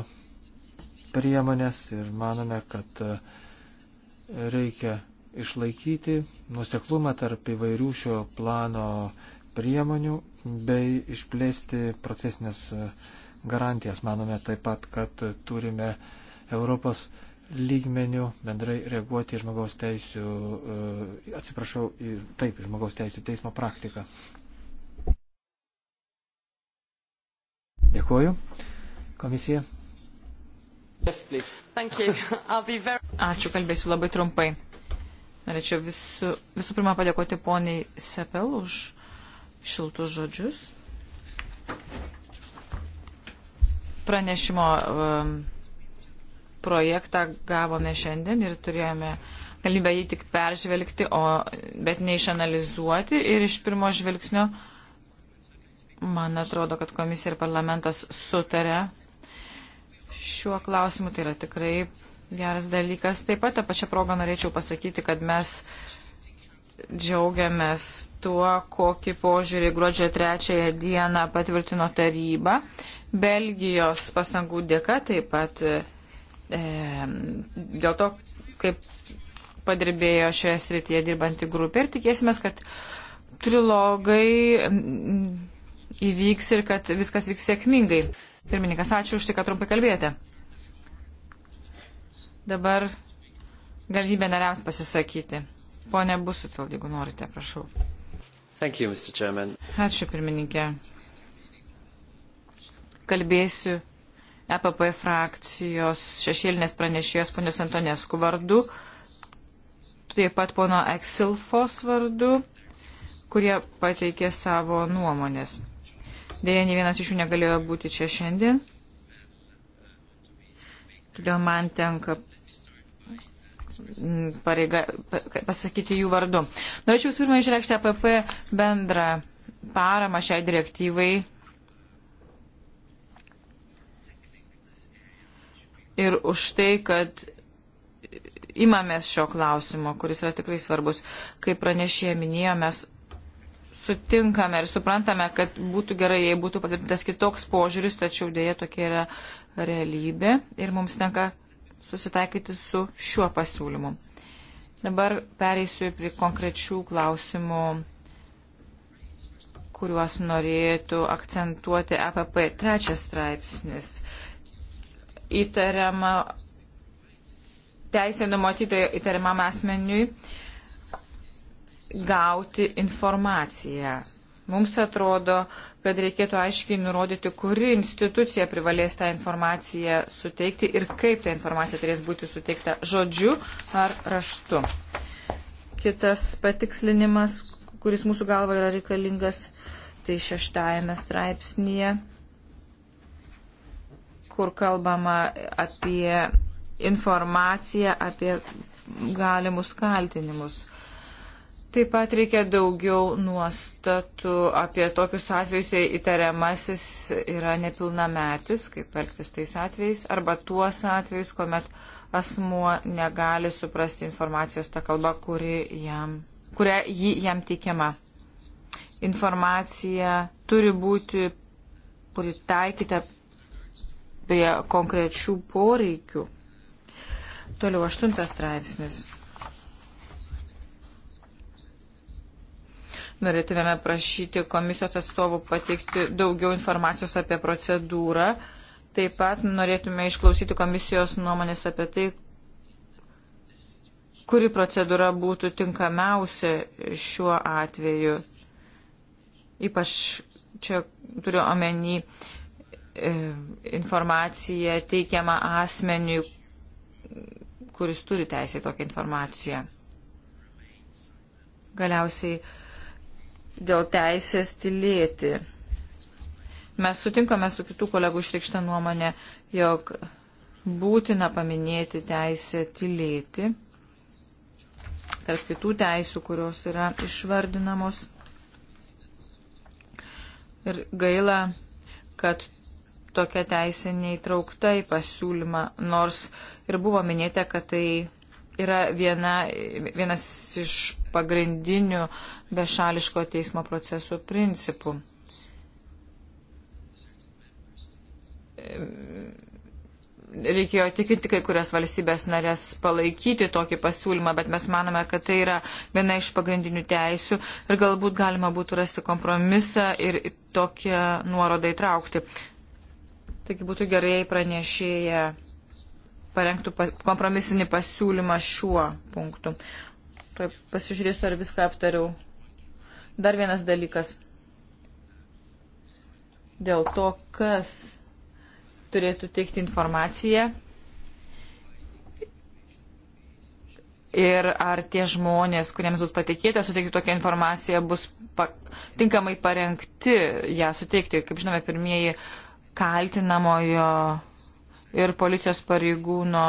priemonės ir manome, kad e, reikia išlaikyti nuseklumą tarp įvairių šio plano priemonių bei išplėsti procesinės e, garantijas. Manome taip pat, kad turime Europos lygmenių bendrai reaguoti į žmogaus teisų, e, atsiprašau, į, taip, žmogaus teisų teismo praktiką. Dėkuoju. Komisija. Yes, Ačiū, kalbėsiu labai trumpai. Norėčiau visų, visų pirma padėkoti poniai Sepel už šiltus žodžius. Pranešimo um, projektą gavome šiandien ir turėjome galimybę jį tik peržvelgti, o, bet neišanalizuoti. Ir iš pirmo žvilgsnio, man atrodo, kad komisija ir parlamentas sutarė šiuo klausimu. Tai yra tikrai geras dalykas. Taip pat tą pačią progą norėčiau pasakyti, kad mes džiaugiamės tuo, kokį požiūrį gruodžio trečiąją dieną patvirtino taryba. Belgijos pastangų dėka taip pat e, dėl to, kaip padirbėjo šioje srityje dirbanti grupė ir tikėsimės, kad trilogai įvyks ir kad viskas vyks sėkmingai. Pirmininkas, ačiū už tai, kad trumpai kalbėjote. Dabar galimybė nariams pasisakyti. Pone Busutil, jeigu norite, prašau. Thank you, Mr. Chairman. Ačiū, pirmininkė. Kalbėsiu EPP frakcijos šešėlinės pranešėjos ponios Antonėskų vardu, taip pat pono Eksilfos vardu, kurie pateikė savo nuomonės. Dėja, ne vienas iš jų negalėjo būti čia šiandien. Todėl man tenka mm, pareiga pasakyti jų vardu. Norėčiau visų pirma išreikšti APP bendrą paramą šiai direktyvai. Ir už tai, kad imamės šio klausimo, kuris yra tikrai svarbus. Kaip pranešė minėjo, mes sutinkame ir suprantame, kad būtų gerai, jei būtų patvirtintas kitoks požiūris, tačiau dėja tokia yra realybė ir mums tenka susitaikyti su šiuo pasiūlymu. Dabar pereisiu prie konkrečių klausimų, kuriuos norėtų akcentuoti APP. Trečias straipsnis. Įtariama, teisė numatyta įtariamam asmeniui gauti informaciją. Mums atrodo, kad reikėtų aiškiai nurodyti, kuri institucija privalės tą informaciją suteikti ir kaip ta informacija turės būti suteikta žodžiu ar raštu. Kitas patikslinimas, kuris mūsų galva yra reikalingas, tai šeštajame straipsnėje, kur kalbama apie informaciją apie galimus kaltinimus Taip pat reikia daugiau nuostatų apie tokius atvejus, jei įtariamasis yra nepilnametis, kaip elgtis tais atvejais, arba tuos atvejus, kuomet asmuo negali suprasti informacijos tą kalbą, kuri jam, kuria jį jam teikiama. Informacija turi būti pritaikyta prie konkrečių poreikių. Toliau aštuntas straipsnis. norėtumėme prašyti komisijos atstovų pateikti daugiau informacijos apie procedūrą. Taip pat norėtume išklausyti komisijos nuomonės apie tai, kuri procedūra būtų tinkamiausia šiuo atveju. Ypač čia turiu omeny e, informaciją teikiamą asmeniui, kuris turi teisę tokią informaciją. Galiausiai dėl teisės tylėti. Mes sutinkame su kitų kolegų išreikštą nuomonę, jog būtina paminėti teisę tylėti tarp kitų teisų, kurios yra išvardinamos. Ir gaila, kad tokia teisė neįtraukta į pasiūlymą, nors ir buvo minėta, kad tai yra viena, vienas iš pagrindinių bešališko teismo procesų principų. Reikėjo tikinti kai kurias valstybės narės palaikyti tokį pasiūlymą, bet mes manome, kad tai yra viena iš pagrindinių teisių ir galbūt galima būtų rasti kompromisą ir tokią nuorodą įtraukti. Taigi būtų gerai pranešėję parengtų kompromisinį pasiūlymą šiuo punktu. Tuoj pasižiūrėsiu, ar viską aptariau. Dar vienas dalykas. Dėl to, kas turėtų teikti informaciją ir ar tie žmonės, kuriems bus patikėta suteikti tokią informaciją, bus pa tinkamai parengti ją suteikti. Kaip žinome, pirmieji kaltinamojo ir policijos pareigūno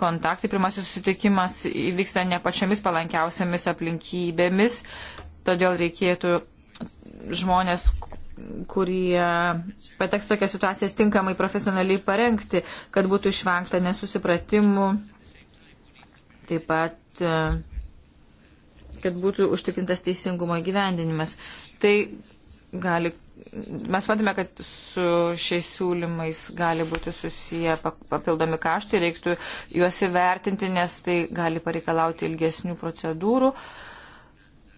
kontaktai. Pirmasis susitikimas įvyksta ne pačiamis palankiausiamis aplinkybėmis, todėl reikėtų žmonės, kurie pateks tokias situacijas tinkamai profesionaliai parengti, kad būtų išvengta nesusipratimų. Taip pat e, kad būtų užtikrintas teisingumo gyvendinimas. Tai gali mes matome, kad su šiais siūlymais gali būti susiję papildomi kaštai, reiktų juos įvertinti, nes tai gali pareikalauti ilgesnių procedūrų.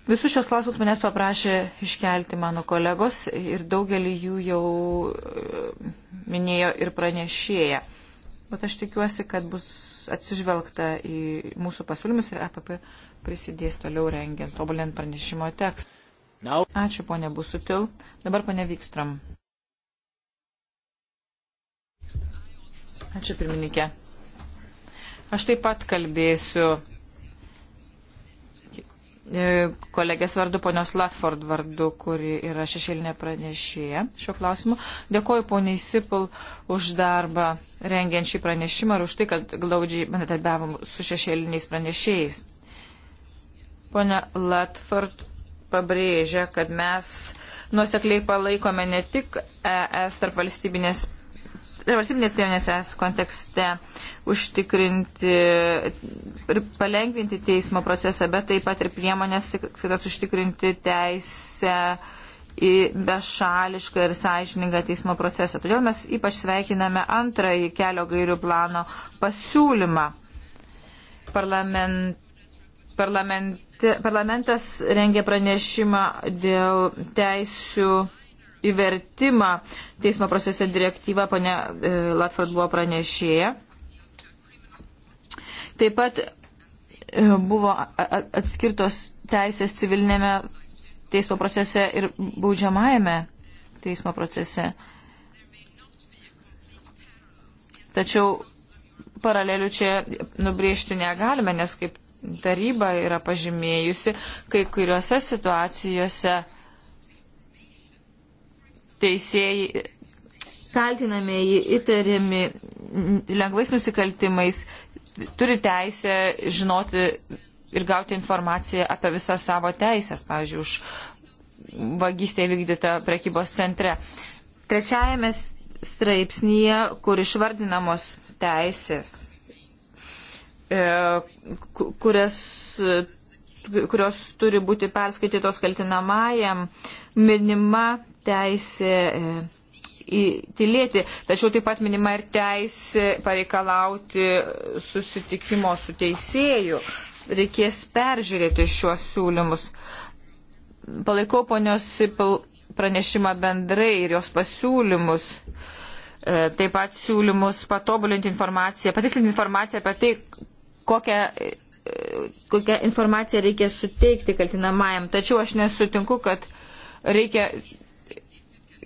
Visus šios klausimus manęs paprašė iškelti mano kolegos ir daugelį jų jau e, minėjo ir pranešėja. Bet aš tikiuosi, kad bus atsižvelgta į mūsų pasiūlymus ir APP prisidės toliau rengiant, tobulint pranešimo tekstą. Ačiū, ponė Busutil. Dabar ponė Vykstram. Ačiū, pirmininkė. Aš taip pat kalbėsiu e, kolegės vardu, ponios Latford vardu, kuri yra šešėlinė pranešėja šio klausimu. Dėkoju poniai Sipil už darbą rengiant šį pranešimą ir už tai, kad glaudžiai bendradarbiavom su šešėliniais pranešėjais. Pone Latford pabrėžia, kad mes nusekliai palaikome ne tik ES tarp valstybinės. Valstybinės priemonės es kontekste užtikrinti ir palengvinti teismo procesą, bet taip pat ir priemonės skirtas užtikrinti teisę į bešališką ir sąžiningą teismo procesą. Todėl mes ypač sveikiname antrąjį kelio gairių plano pasiūlymą parlamentą Parlamentas rengė pranešimą dėl teisių įvertimą teismo procese direktyvą, ponė e, Latford buvo pranešėja. Taip pat e, buvo atskirtos teisės civilinėme teismo procese ir baudžiamajame teismo procese. Tačiau paralelių čia nubriežti negalime, nes kaip taryba yra pažymėjusi, kai kuriuose situacijose teisėjai kaltinamieji įtariami lengvais nusikaltimais turi teisę žinoti ir gauti informaciją apie visas savo teisės, pavyzdžiui, už vagystę įvykdytą prekybos centre. Trečiajame straipsnyje, kur išvardinamos teisės E, kurias e, kurios turi būti perskaitytos kaltinamajam, minima teisė e, tylėti, tačiau taip pat minima ir teisė pareikalauti susitikimo su teisėju. Reikės peržiūrėti šiuos siūlymus. Palaikau ponios Sipil pranešimą bendrai ir jos pasiūlymus. Taip pat siūlymus patobulinti informaciją, patikrinti informaciją apie tai, kokią kokią informaciją reikia suteikti kaltinamajam. Tačiau aš nesutinku, kad reikia,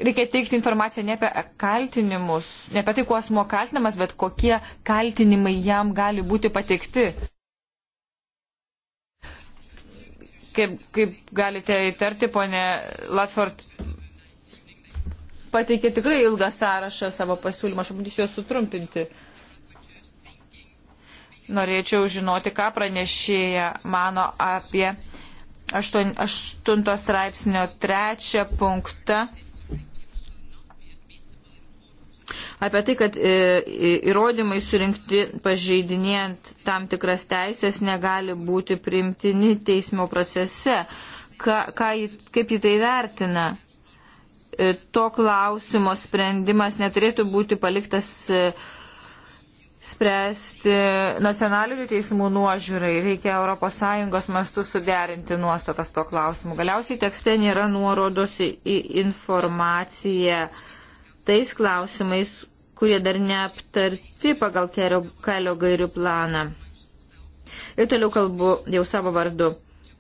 reikia teikti informaciją ne apie kaltinimus, ne apie tai, kuo asmo kaltinamas, bet kokie kaltinimai jam gali būti pateikti. Kaip, kaip galite įtarti, ponė Latford pateikė tikrai ilgą sąrašą savo pasiūlymą, aš bandysiu juos sutrumpinti. Norėčiau žinoti, ką pranešėja mano apie 8, 8 straipsnio 3 punktą. Apie tai, kad e, įrodymai surinkti pažeidinėjant tam tikras teisės negali būti primtini teismo procese. Ka, ka, kaip jį tai vertina? E, to klausimo sprendimas neturėtų būti paliktas uh, spręsti nacionalinių teismų nuožiūrai, reikia ES mastu suderinti nuostatas to klausimu. Galiausiai tekste nėra nuorodos į informaciją tais klausimais, kurie dar neaptarti pagal kelio gairių planą. Ir toliau kalbu jau savo vardu.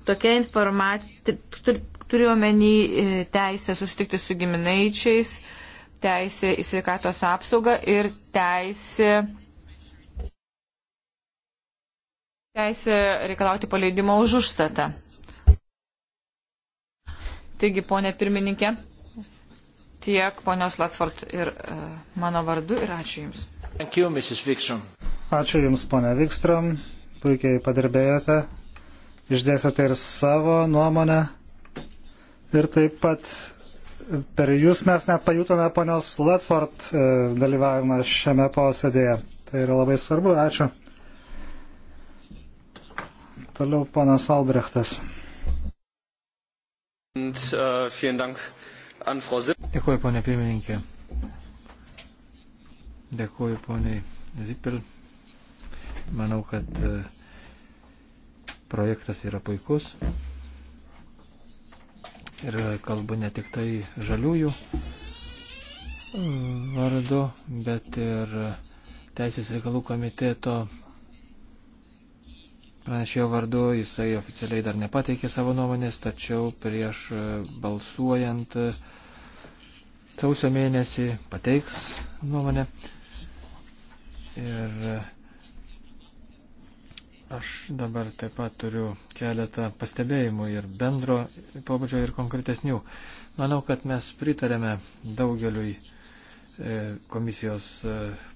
Tokia informacija, turiu omeny e, teisę susitikti su giminaičiais, teisė į sveikatos apsaugą ir teisė teisė reikalauti paleidimo už užstatą. Taigi, ponė pirmininkė, tiek ponios Latford ir uh, mano vardu ir ačiū Jums. Thank you, ačiū Jums, ponė Vikstrom, puikiai padirbėjote, išdėsite ir savo nuomonę ir taip pat per jūs mes net pajutome ponios Latford e, dalyvavimą šiame posėdėje. Tai yra labai svarbu, ačiū. Toliau panas Albrechtas. Uh, Dėkuoju, ponė pirmininkė. Dėkuoju, ponė Zipil. Manau, kad uh, projektas yra puikus. Ir kalbu ne tik tai žaliųjų uh, vardu, bet ir Teisės reikalų komiteto Pranešėjo vardu, jisai oficialiai dar nepateikė savo nuomonės, tačiau prieš e, balsuojant e, sausio mėnesį pateiks nuomonę. Ir e, Aš dabar taip pat turiu keletą pastebėjimų ir bendro pobūdžio ir konkretesnių. Manau, kad mes pritarėme daugeliui E, komisijos e,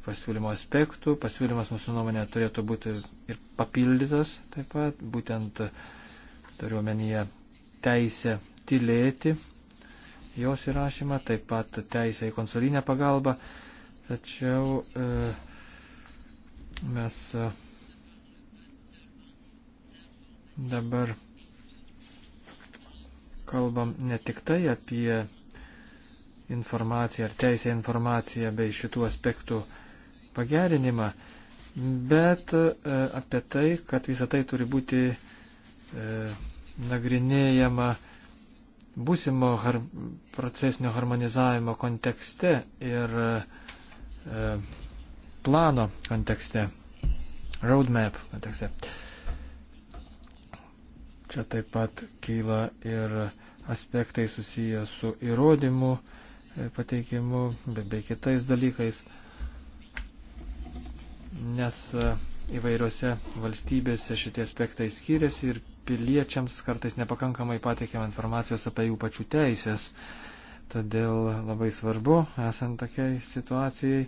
pasiūlymo aspektų. Pasiūlymas mūsų nuomonė turėtų būti ir papildytas taip pat, būtent e, turiuomenyje teisę tylėti, jos įrašymą, taip pat teisę į konsulinę pagalbą. Tačiau mes dabar kalbam ne tik tai apie informaciją ar teisę informaciją bei šitų aspektų pagerinimą, bet e, apie tai, kad visą tai turi būti e, nagrinėjama būsimo har procesinio harmonizavimo kontekste ir e, plano kontekste, roadmap kontekste. Čia taip pat kyla ir aspektai susiję su įrodymu, e, pateikimu, bet bei kitais dalykais, nes e, įvairiose valstybėse šitie aspektai skiriasi ir piliečiams kartais nepakankamai pateikiam informacijos apie jų pačių teisės. Todėl labai svarbu, esant tokiai situacijai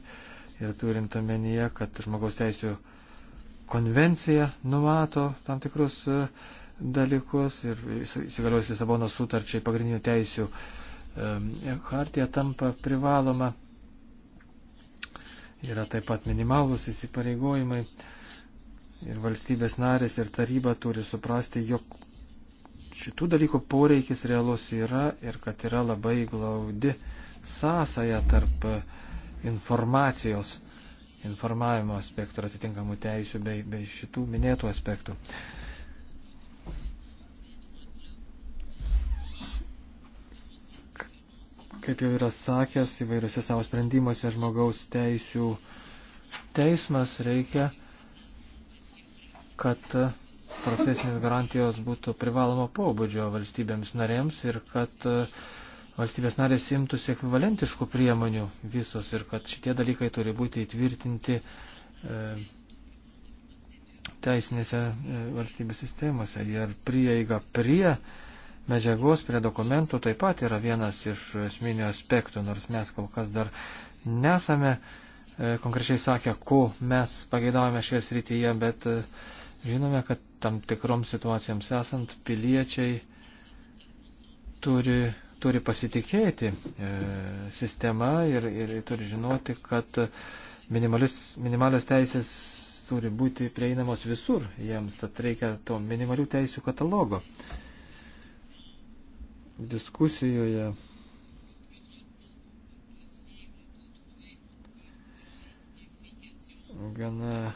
ir turint omenyje, kad žmogaus teisų konvencija numato tam tikrus e, dalykus ir įsigaliojus Lisabono sutarčiai pagrindinių teisių uh, Hartija tampa privaloma. Yra taip pat minimalūs įsipareigojimai. Ir valstybės narės ir taryba turi suprasti, jog šitų dalykų poreikis realus yra ir kad yra labai glaudi sąsaja tarp informacijos, informavimo aspektų ir atitinkamų teisių bei, bei šitų minėtų aspektų. Uh, kaip jau yra sakęs įvairiuose savo sprendimuose žmogaus teisų teismas reikia, kad procesinės garantijos būtų privalomo pobūdžio valstybėms narėms ir kad e, valstybės narės imtųsi ekvivalentiškų priemonių visos ir kad šitie dalykai turi būti įtvirtinti e, teisinėse e, valstybės sistemose ir prieiga prie, prie medžiagos prie dokumentų taip pat yra vienas iš esminių aspektų, nors mes kol kas dar nesame e, konkrečiai sakę, ko mes pageidavome šioje srityje, bet e, žinome, kad tam tikroms situacijoms esant piliečiai turi, turi pasitikėti e, sistema ir, ir turi žinoti, kad minimalios teisės turi būti prieinamos visur jiems, tad reikia to minimalių teisų katalogo. E, diskusijoje gana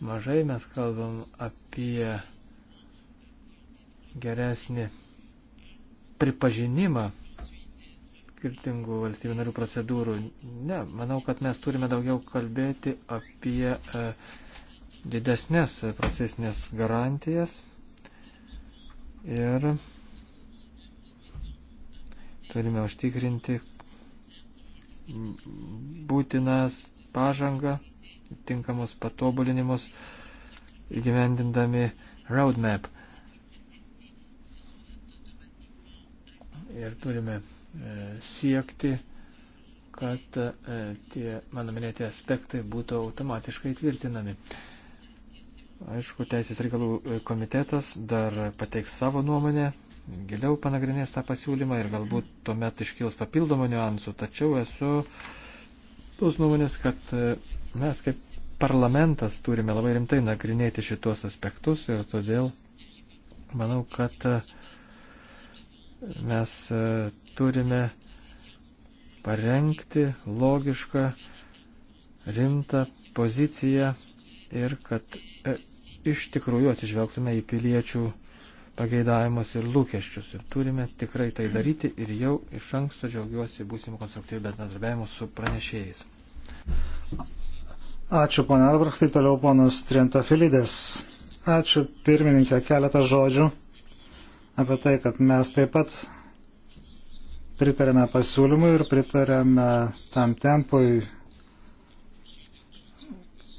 mažai mes kalbam apie geresnį pripažinimą skirtingų valstybių narių procedūrų. Ne, manau, kad mes turime daugiau kalbėti apie e, didesnės procesinės garantijas ir turime užtikrinti būtinas pažangą, tinkamus patobulinimus įgyvendindami roadmap. Ir turime e, siekti, kad e, tie mano minėti aspektai būtų automatiškai tvirtinami. Aišku, Teisės reikalų komitetas dar pateiks savo nuomonę, giliau panagrinės tą pasiūlymą ir galbūt tuomet iškils papildomų niuansų, tačiau esu tos nuomonės, kad e, mes kaip parlamentas turime labai rimtai nagrinėti šitos aspektus ir todėl manau, kad e, mes e, turime parengti logišką, rimtą poziciją ir kad e, iš tikrųjų atsižvelgtume į piliečių pageidavimus ir lūkesčius. Ir turime tikrai tai daryti ir jau iš anksto džiaugiuosi būsimų konstruktyvių bendradarbiavimų su pranešėjais. Ačiū, ponia Albrachtai, toliau ponas Trientafilidės. Ačiū, pirmininkė, keletą žodžių apie tai, kad mes taip pat pritarėme pasiūlymui ir pritarėme tam tempui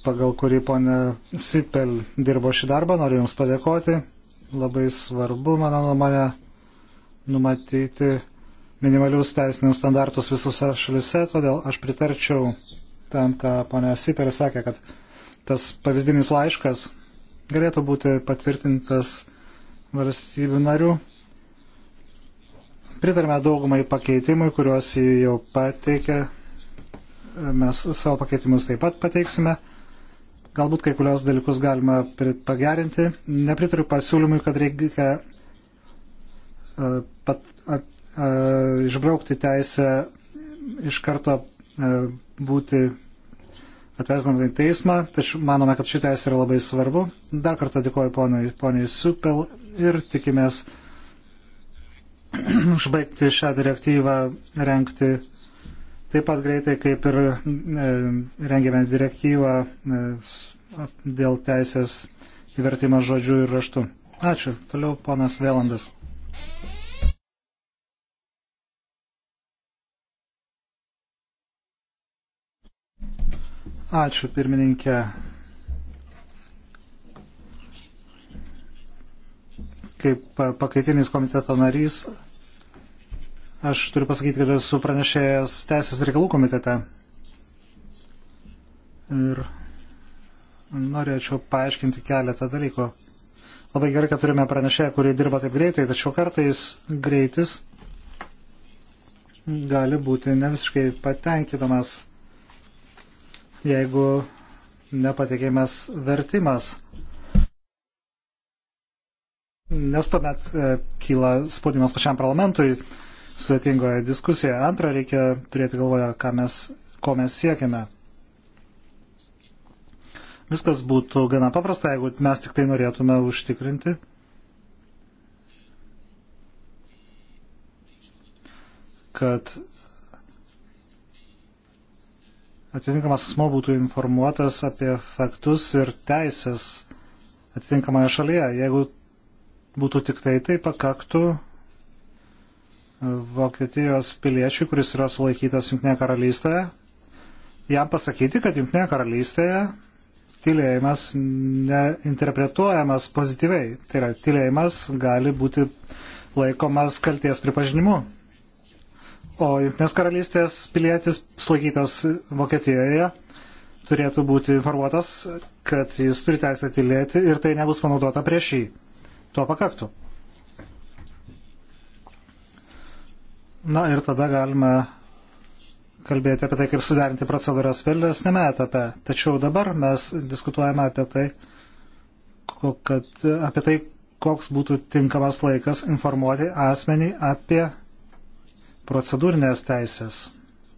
pagal kurį ponė Sipel dirbo šį darbą. Noriu Jums padėkoti. Labai svarbu, mano nuomonė, numatyti minimalius teisinius standartus visose šalise, todėl aš pritarčiau tam, ką ponė Sipelė sakė, kad tas pavyzdinis laiškas galėtų būti patvirtintas valstybių narių. Pritarime daugumai pakeitimui, kuriuos jį jau pateikė. Mes savo pakeitimus taip pat pateiksime. Galbūt kai kurios dalykus galima pagerinti. Nepritariu pasiūlymui, kad reikia uh, pat, uh, uh, išbraukti teisę iš karto uh, būti atvesdam į teismą, tačiau manome, kad ši teisė yra labai svarbu. Dar kartą dėkoju poniai, poniai Supel ir tikimės užbaigti šią direktyvą, renkti Taip pat greitai, kaip ir e, rengėme direktyvą e, dėl teisės įvertimas žodžių ir raštų. Ačiū. Toliau ponas Vėlandas. Ačiū pirmininkė. Kaip pakaitinis komiteto narys, Aš turiu pasakyti, kad esu pranešėjęs Teisės reikalų komitete. Ir norėčiau paaiškinti keletą dalykų. Labai gerai, kad turime pranešėją, kuri dirba taip greitai, tačiau kartais greitis gali būti ne visiškai patenkinamas, jeigu nepatikėjimas vertimas. Nes tuomet e, kyla spaudimas pačiam parlamentui svetingoje diskusijoje. Antra, reikia turėti galvoje, mes, ko mes siekime. Viskas būtų gana paprasta, jeigu mes tik tai norėtume užtikrinti. kad atitinkamas asmo būtų informuotas apie faktus ir teisės atitinkamoje šalyje. Jeigu būtų tik tai, tai pakaktų Vokietijos piliečiui, kuris yra sulaikytas Junktinėje karalystėje, jam pasakyti, kad Junktinėje karalystėje tylėjimas neinterpretuojamas pozityviai. Tai yra, tylėjimas gali būti laikomas kalties pripažinimu. O Junktinės karalystės pilietis sulaikytas Vokietijoje turėtų būti informuotas, kad jis turi teisę tylėti ir tai nebus panaudota prieš jį. Tuo pakaktų. Na ir tada galime kalbėti apie tai, kaip suderinti procedūras vėlesnėme etape. Tačiau dabar mes diskutuojame apie tai, kad, apie tai, koks būtų tinkamas laikas informuoti asmenį apie procedūrinės teisės.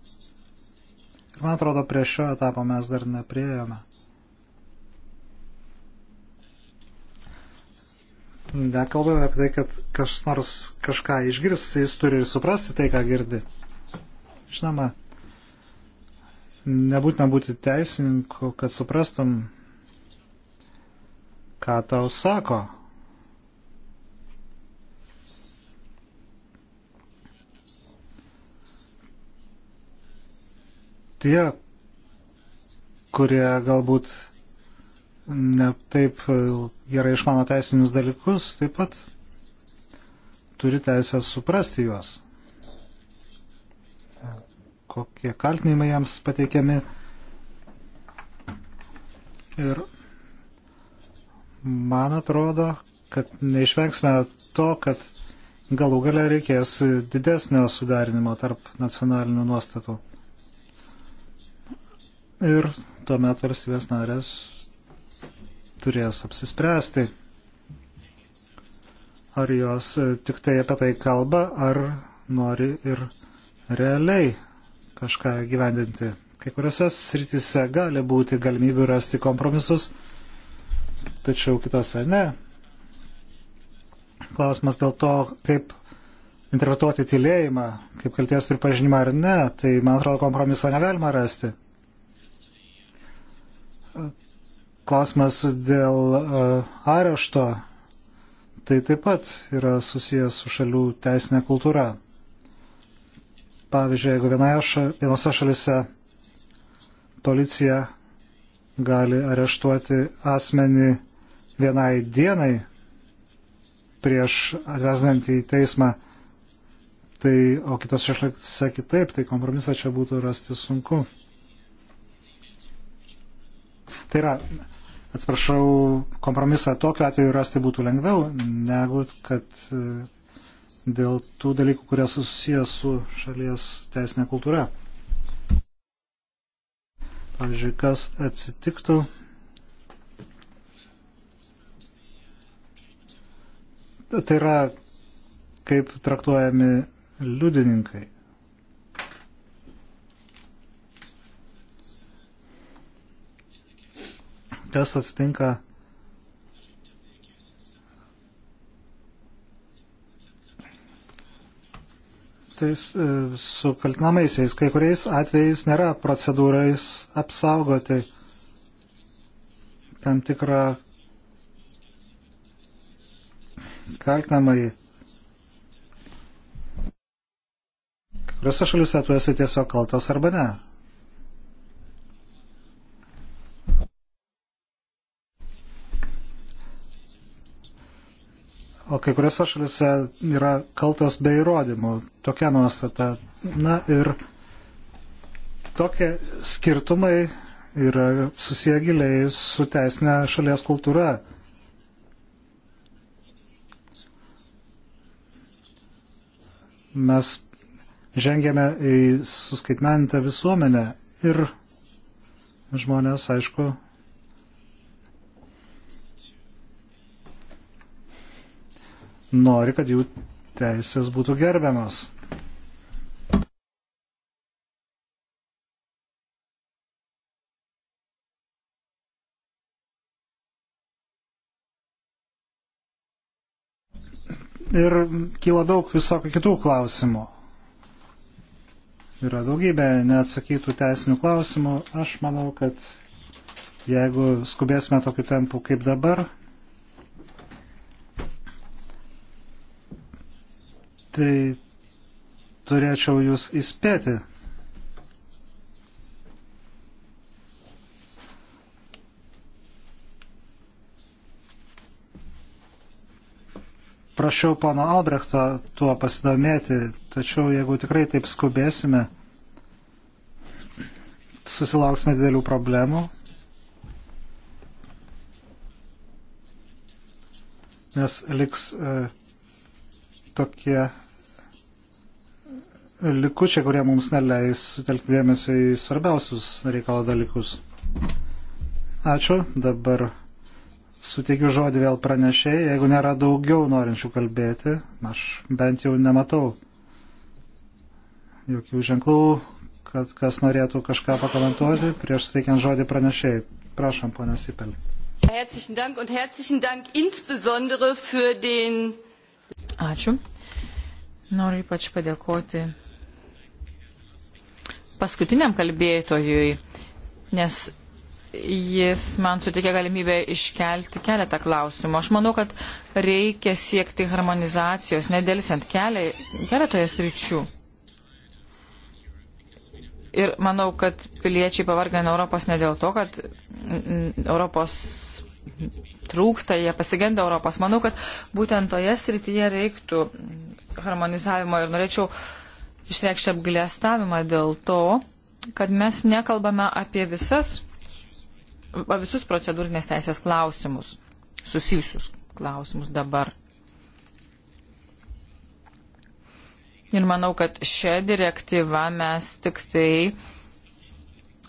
Ir man atrodo, prie šio etapo mes dar nepriejome. nekalbame apie tai, kad kas nors kažką išgirs, jis turi ir suprasti tai, ką girdi. Žinoma, nebūtina būti teisininku, kad suprastum, ką tau sako. Tie, kurie galbūt netaip e, gerai išmano teisinius dalykus, taip pat turi teisę suprasti juos. E, kokie kaltinimai jiems pateikiami. Ir man atrodo, kad neišvengsime to, kad galų gale reikės didesnio sudarinimo tarp nacionalinių nuostatų. Ir tuomet valstybės narės turės apsispręsti, ar jos tik tai apie tai kalba, ar nori ir realiai kažką gyvendinti. Kai kuriuose srityse gali būti galimybių rasti kompromisus, tačiau kitose ne. Klausimas dėl to, kaip interpretuoti tylėjimą, kaip kalties pripažinimą ar ne, tai man atrodo kompromiso negalima rasti. Klausimas dėl e, arešto, tai taip pat yra susijęs su šalių teisinė kultūra. Pavyzdžiui, jeigu ša, vienose šalise policija gali areštuoti asmenį vienai dienai prieš atvesdant į teismą, tai, o kitos šešlėse kitaip, tai kompromisą čia būtų rasti sunku. Tai yra, atsiprašau, kompromisą tokiu atveju rasti būtų lengviau, negu kad e, dėl tų dalykų, kurie susijęs su šalies teisinė kultūra. Pavyzdžiui, kas atsitiktų, tai yra kaip traktuojami liudininkai. kas atsitinka tais e, su kaltinamaisiais. Kai kuriais atvejais nėra procedūrais apsaugoti tam tikrą kaltinamąjį. Kuriuose šaliuose tu esi tiesiog kaltas arba ne. o kai kuriuose šalise yra kaltas be įrodymų. Tokia nuostata. Na ir tokie skirtumai yra susiję giliai su teisinė šalies kultūra. Mes žengėme į suskaitmenintą visuomenę ir žmonės, aišku, nori, kad jų teisės būtų gerbiamas. ir kyla daug visokių kitų klausimų. Yra daugybė neatsakytų teisinių klausimų. Aš manau, kad jeigu skubėsime tokiu tempu kaip dabar, tai turėčiau jūs įspėti. Prašiau pono Albrechto tuo pasidomėti, tačiau jeigu tikrai taip skubėsime, susilauksime didelių problemų. Nes liks uh, tokie likučiai, kurie mums neleis sutelkti dėmesio į svarbiausius reikalo dalykus. Ačiū. Dabar suteikiu žodį vėl pranešėjai. Jeigu nėra daugiau norinčių kalbėti, aš bent jau nematau jokių ženklų, kad kas norėtų kažką pakomentuoti prieš suteikiant žodį pranešėjai. Prašom, ponia Sipelė. Herzlichen Dank und herzlichen Dank insbesondere für den Ačiū. Noriu ypač padėkoti paskutiniam kalbėtojui, nes jis man sutikė galimybę iškelti keletą klausimų. Aš manau, kad reikia siekti harmonizacijos, nedėlisant keletoje sričių. Ir manau, kad piliečiai pavargę nuo Europos ne dėl to, kad Europos trūksta, jie pasigenda Europos. Manau, kad būtent toje srityje reiktų harmonizavimo ir norėčiau išreikšti apgilėstavimą dėl to, kad mes nekalbame apie visas, visus procedūrinės teisės klausimus, susijusius klausimus dabar. Ir manau, kad šią direktyvą mes tik tai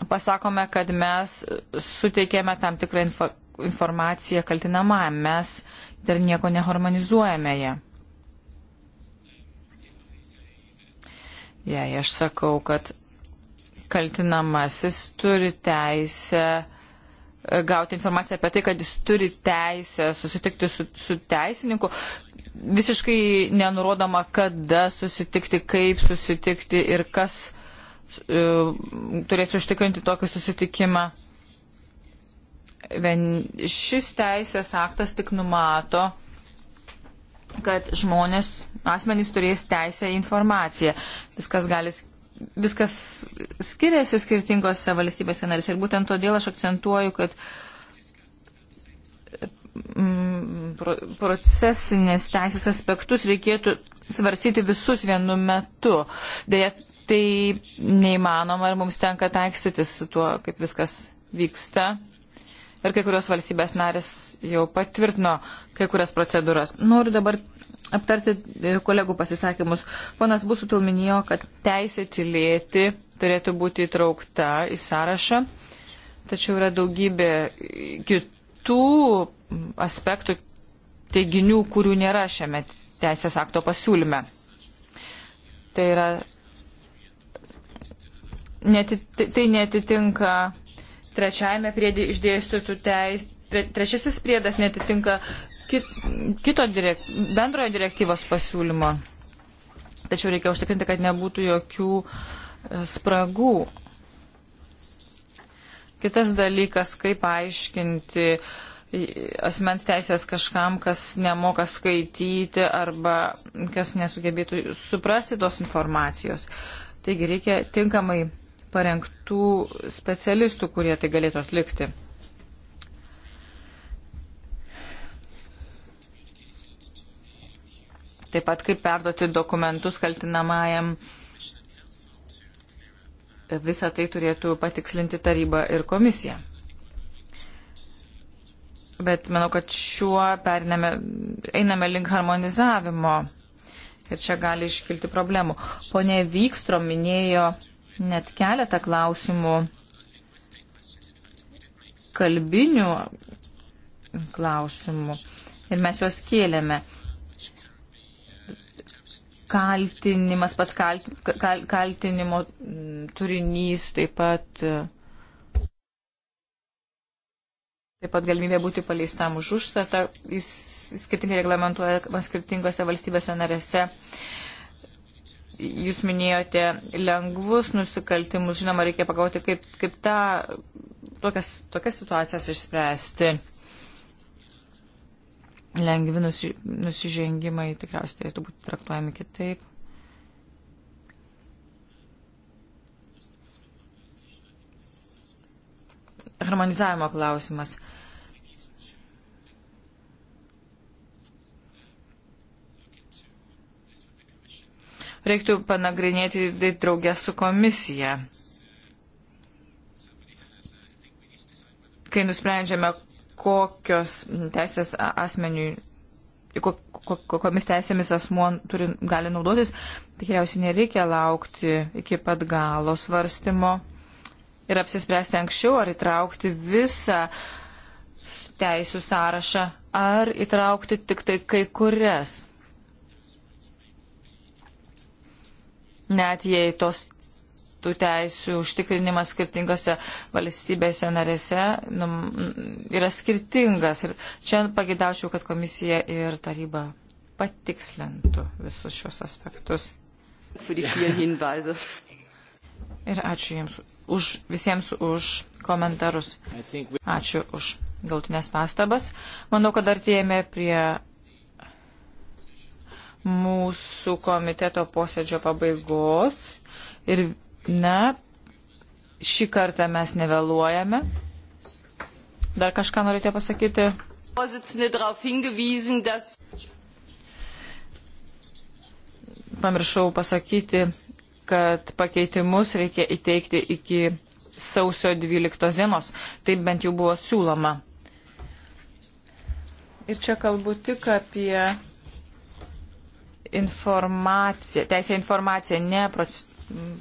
pasakome, kad mes suteikėme tam tikrą info, informacija kaltinamam, mes dar nieko neharmonizuojame ją. Jei aš sakau, kad kaltinamasis turi teisę e, gauti informaciją apie tai, kad jis turi teisę susitikti su, su teisininku, visiškai nenurodoma, kada susitikti, kaip susitikti ir kas e, turės užtikrinti tokį susitikimą šis teisės aktas tik numato, kad žmonės, asmenys turės teisę į informaciją. Viskas gali viskas skiriasi skirtingose valstybėse narėse. Ir būtent todėl aš akcentuoju, kad mm, procesinės teisės aspektus reikėtų svarstyti visus vienu metu. Deja, tai neįmanoma ir mums tenka taikstytis su tuo, kaip viskas vyksta ir kai kurios valstybės narės jau patvirtino kai kurias procedūras. Noriu dabar aptarti kolegų pasisakymus. Ponas Busutil minėjo, kad teisė tylėti turėtų būti įtraukta į sąrašą, tačiau yra daugybė kitų aspektų teiginių, kurių nėra šiame teisės akto pasiūlyme. Tai yra, neti, tai netitinka uh, trečiajame priedė išdėstytų teis, tre, trečiasis priedas netitinka kit, kito direkt, bendrojo direktyvos pasiūlymo. Tačiau reikia užtikrinti, kad nebūtų jokių e, spragų. Kitas dalykas, kaip aiškinti e, asmens teisės kažkam, kas nemoka skaityti arba kas nesugebėtų suprasti tos informacijos. Taigi reikia tinkamai parengtų specialistų, kurie tai galėtų atlikti. Taip pat kaip perduoti dokumentus kaltinamajam. Visą tai turėtų patikslinti taryba ir komisija. Bet manau, kad šiuo periname, einame link harmonizavimo ir čia gali iškilti problemų. Pone Vykstro minėjo net keletą klausimų kalbinių klausimų ir mes juos kėlėme. Kaltinimas, pats kalt, kal, kaltinimo turinys, taip pat, taip pat galimybė būti paleistam už užstatą, jis skirtingai reglamentuoja skirtingose valstybėse narėse. Uh, jūs minėjote lengvus nusikaltimus, žinoma, reikia pagalvoti, kaip, kaip tą, tokias, tokias situacijas išspręsti. Lengvi nusi, nusižengimai tikriausiai turėtų būti traktuojami kitaip. Harmonizavimo klausimas. reiktų panagrinėti tai draugę su komisija. Kai nusprendžiame, kokios teisės asmeniui, kokiamis teisėmis asmuo turi, gali naudotis, tikriausiai nereikia laukti iki pat galo svarstymo ir apsispręsti anksčiau, ar įtraukti visą teisų sąrašą, ar įtraukti tik tai kai kurias. net jei tos tų teisių užtikrinimas skirtingose valstybėse narėse nu, yra skirtingas. Ir čia pagidaučiau, kad komisija ir taryba patikslintų visus šios aspektus. Ir ačiū Jums už, visiems už komentarus. Ačiū už galtinės pastabas. Manau, kad artėjame prie mūsų komiteto posėdžio pabaigos. Ir, na, šį kartą mes nevėluojame. Dar kažką norite pasakyti? Pamiršau pasakyti, kad pakeitimus reikia įteikti iki sausio 12 dienos. Taip bent jau buvo siūloma. Ir čia kalbu tik apie informacija, teisė informacija, ne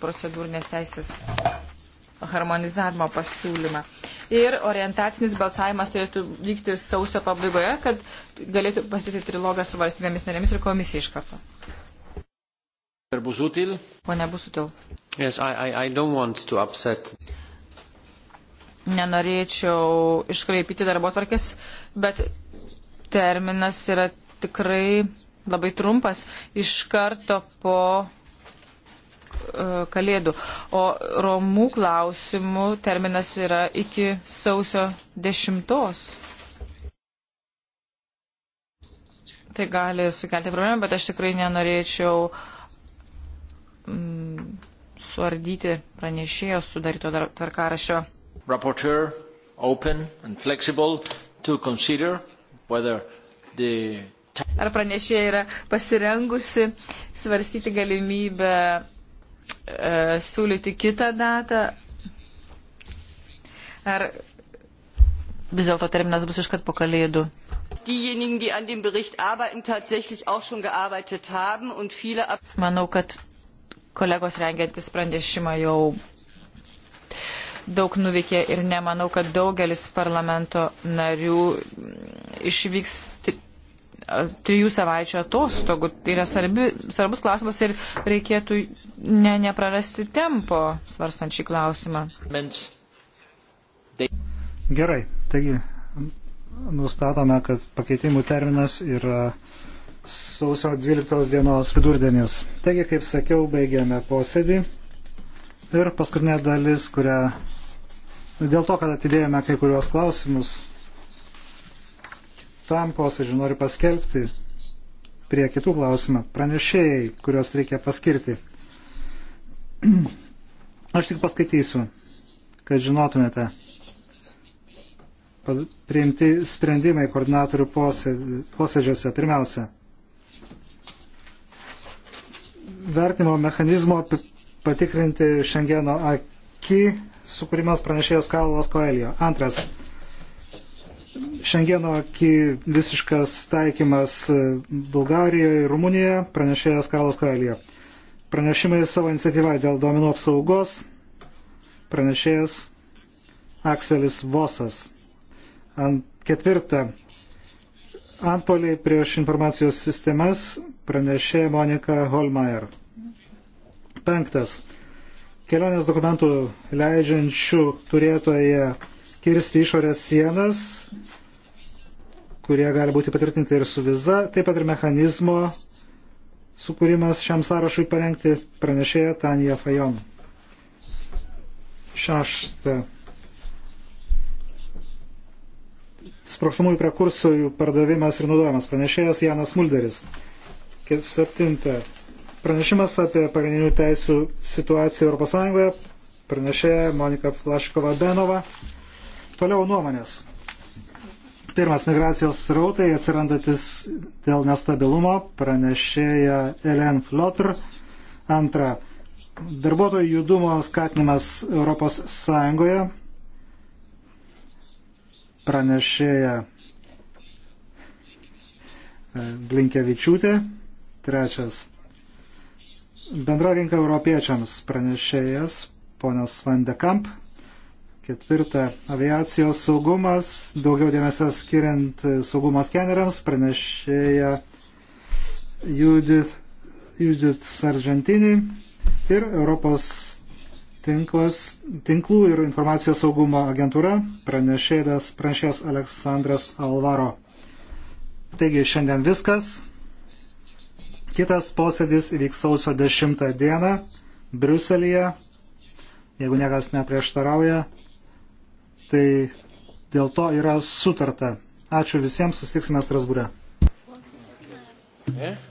procedūrinės teisės harmonizavimo pasiūlymą. Ir orientacinis balsavimas turėtų vykti sausio pabaigoje, kad galėtų pasityti trilogą su valstybėmis narėmis ir komisija iš karto. Pone Busutil. Yes, I, I, I Nenorėčiau iškraipyti darbo tvarkės, bet terminas yra tikrai labai trumpas, iš karto po e, kalėdų. O romų klausimų terminas yra iki sausio dešimtos. Tai gali sukelti problemą, bet aš tikrai nenorėčiau mm, suardyti pranešėjo sudaryto tvarkarašio. Rapporteur, open and flexible to consider whether the Ar pranešėja yra pasirengusi svarstyti galimybę e, siūlyti kitą datą? Ar vis dėlto terminas bus iškart po kalėdų? diejenigen, die an dem Bericht arbeiten, tatsächlich auch schon gearbeitet haben und viele. Manau, kad kolegos rengiantis pranešimą jau daug nuveikė ir nemanau, kad daugelis parlamento narių išvyks trijų savaičių atostogų. Tai yra svarbi, svarbus klausimas ir reikėtų ne, neprarasti tempo svarstant šį klausimą. Gerai, taigi nustatome, kad pakeitimų terminas yra sausio 12 dienos vidurdienis. Taigi, kaip sakiau, baigėme posėdį. Ir paskutinė dalis, kurią dėl to, kad atidėjome kai kuriuos klausimus, kitam posėdžiui noriu paskelbti prie kitų klausimų pranešėjai, kuriuos reikia paskirti. Aš tik paskaitysiu, kad žinotumėte. Priimti sprendimai koordinatorių posėdžiuose pirmiausia. Vertimo mechanizmo patikrinti Šengeno akį sukūrimas pranešėjas Karlos Koelio. Antras Šengeno visiškas taikymas e, Bulgarijoje ir Rumunijoje, pranešėjas Karlos Koelija. Pranešimai savo iniciatyvą dėl duomenų apsaugos, pranešėjas Akselis Vosas. Ant ketvirtą antpoliai prieš informacijos sistemas pranešė Monika Holmeier. Penktas. Kelionės dokumentų leidžiančių turėtoje kirsti išorės sienas, kurie gali būti patvirtinti ir su viza, taip pat ir mechanizmo sukūrimas šiam sąrašui parengti pranešėja Tanija Fajon. Šešta. Sproksamųjų prekursorių pardavimas ir naudojimas. Pranešėjas Janas Mulderis. Septinta. Pranešimas apie pagrindinių teisų situaciją ES. Pranešėja Monika Flaškova Benova. Toliau nuomonės. Pirmas migracijos srautai atsirandantis dėl nestabilumo pranešėja Elen Flotr. Antra, darbuotojų judumo skatinimas Europos Sąjungoje pranešėja e, Blinkevičiūtė. Trečias, bendra rinka europiečiams pranešėjas ponas Vandekamp. Ketvirta, aviacijos saugumas, daugiau dėmesio skiriant e, saugumo skeneriams, pranešėja Judith, Judith Sargentini ir Europos tinklas, tinklų ir informacijos saugumo agentūra, pranešėjas, pranešėjas Aleksandras Alvaro. Taigi šiandien viskas. Kitas posėdis įvyks sausio 10 dieną Briuselėje, jeigu niekas neprieštarauja. Tai dėl to yra sutarta. Ačiū visiems, sustiksime Strasbūre. Yeah.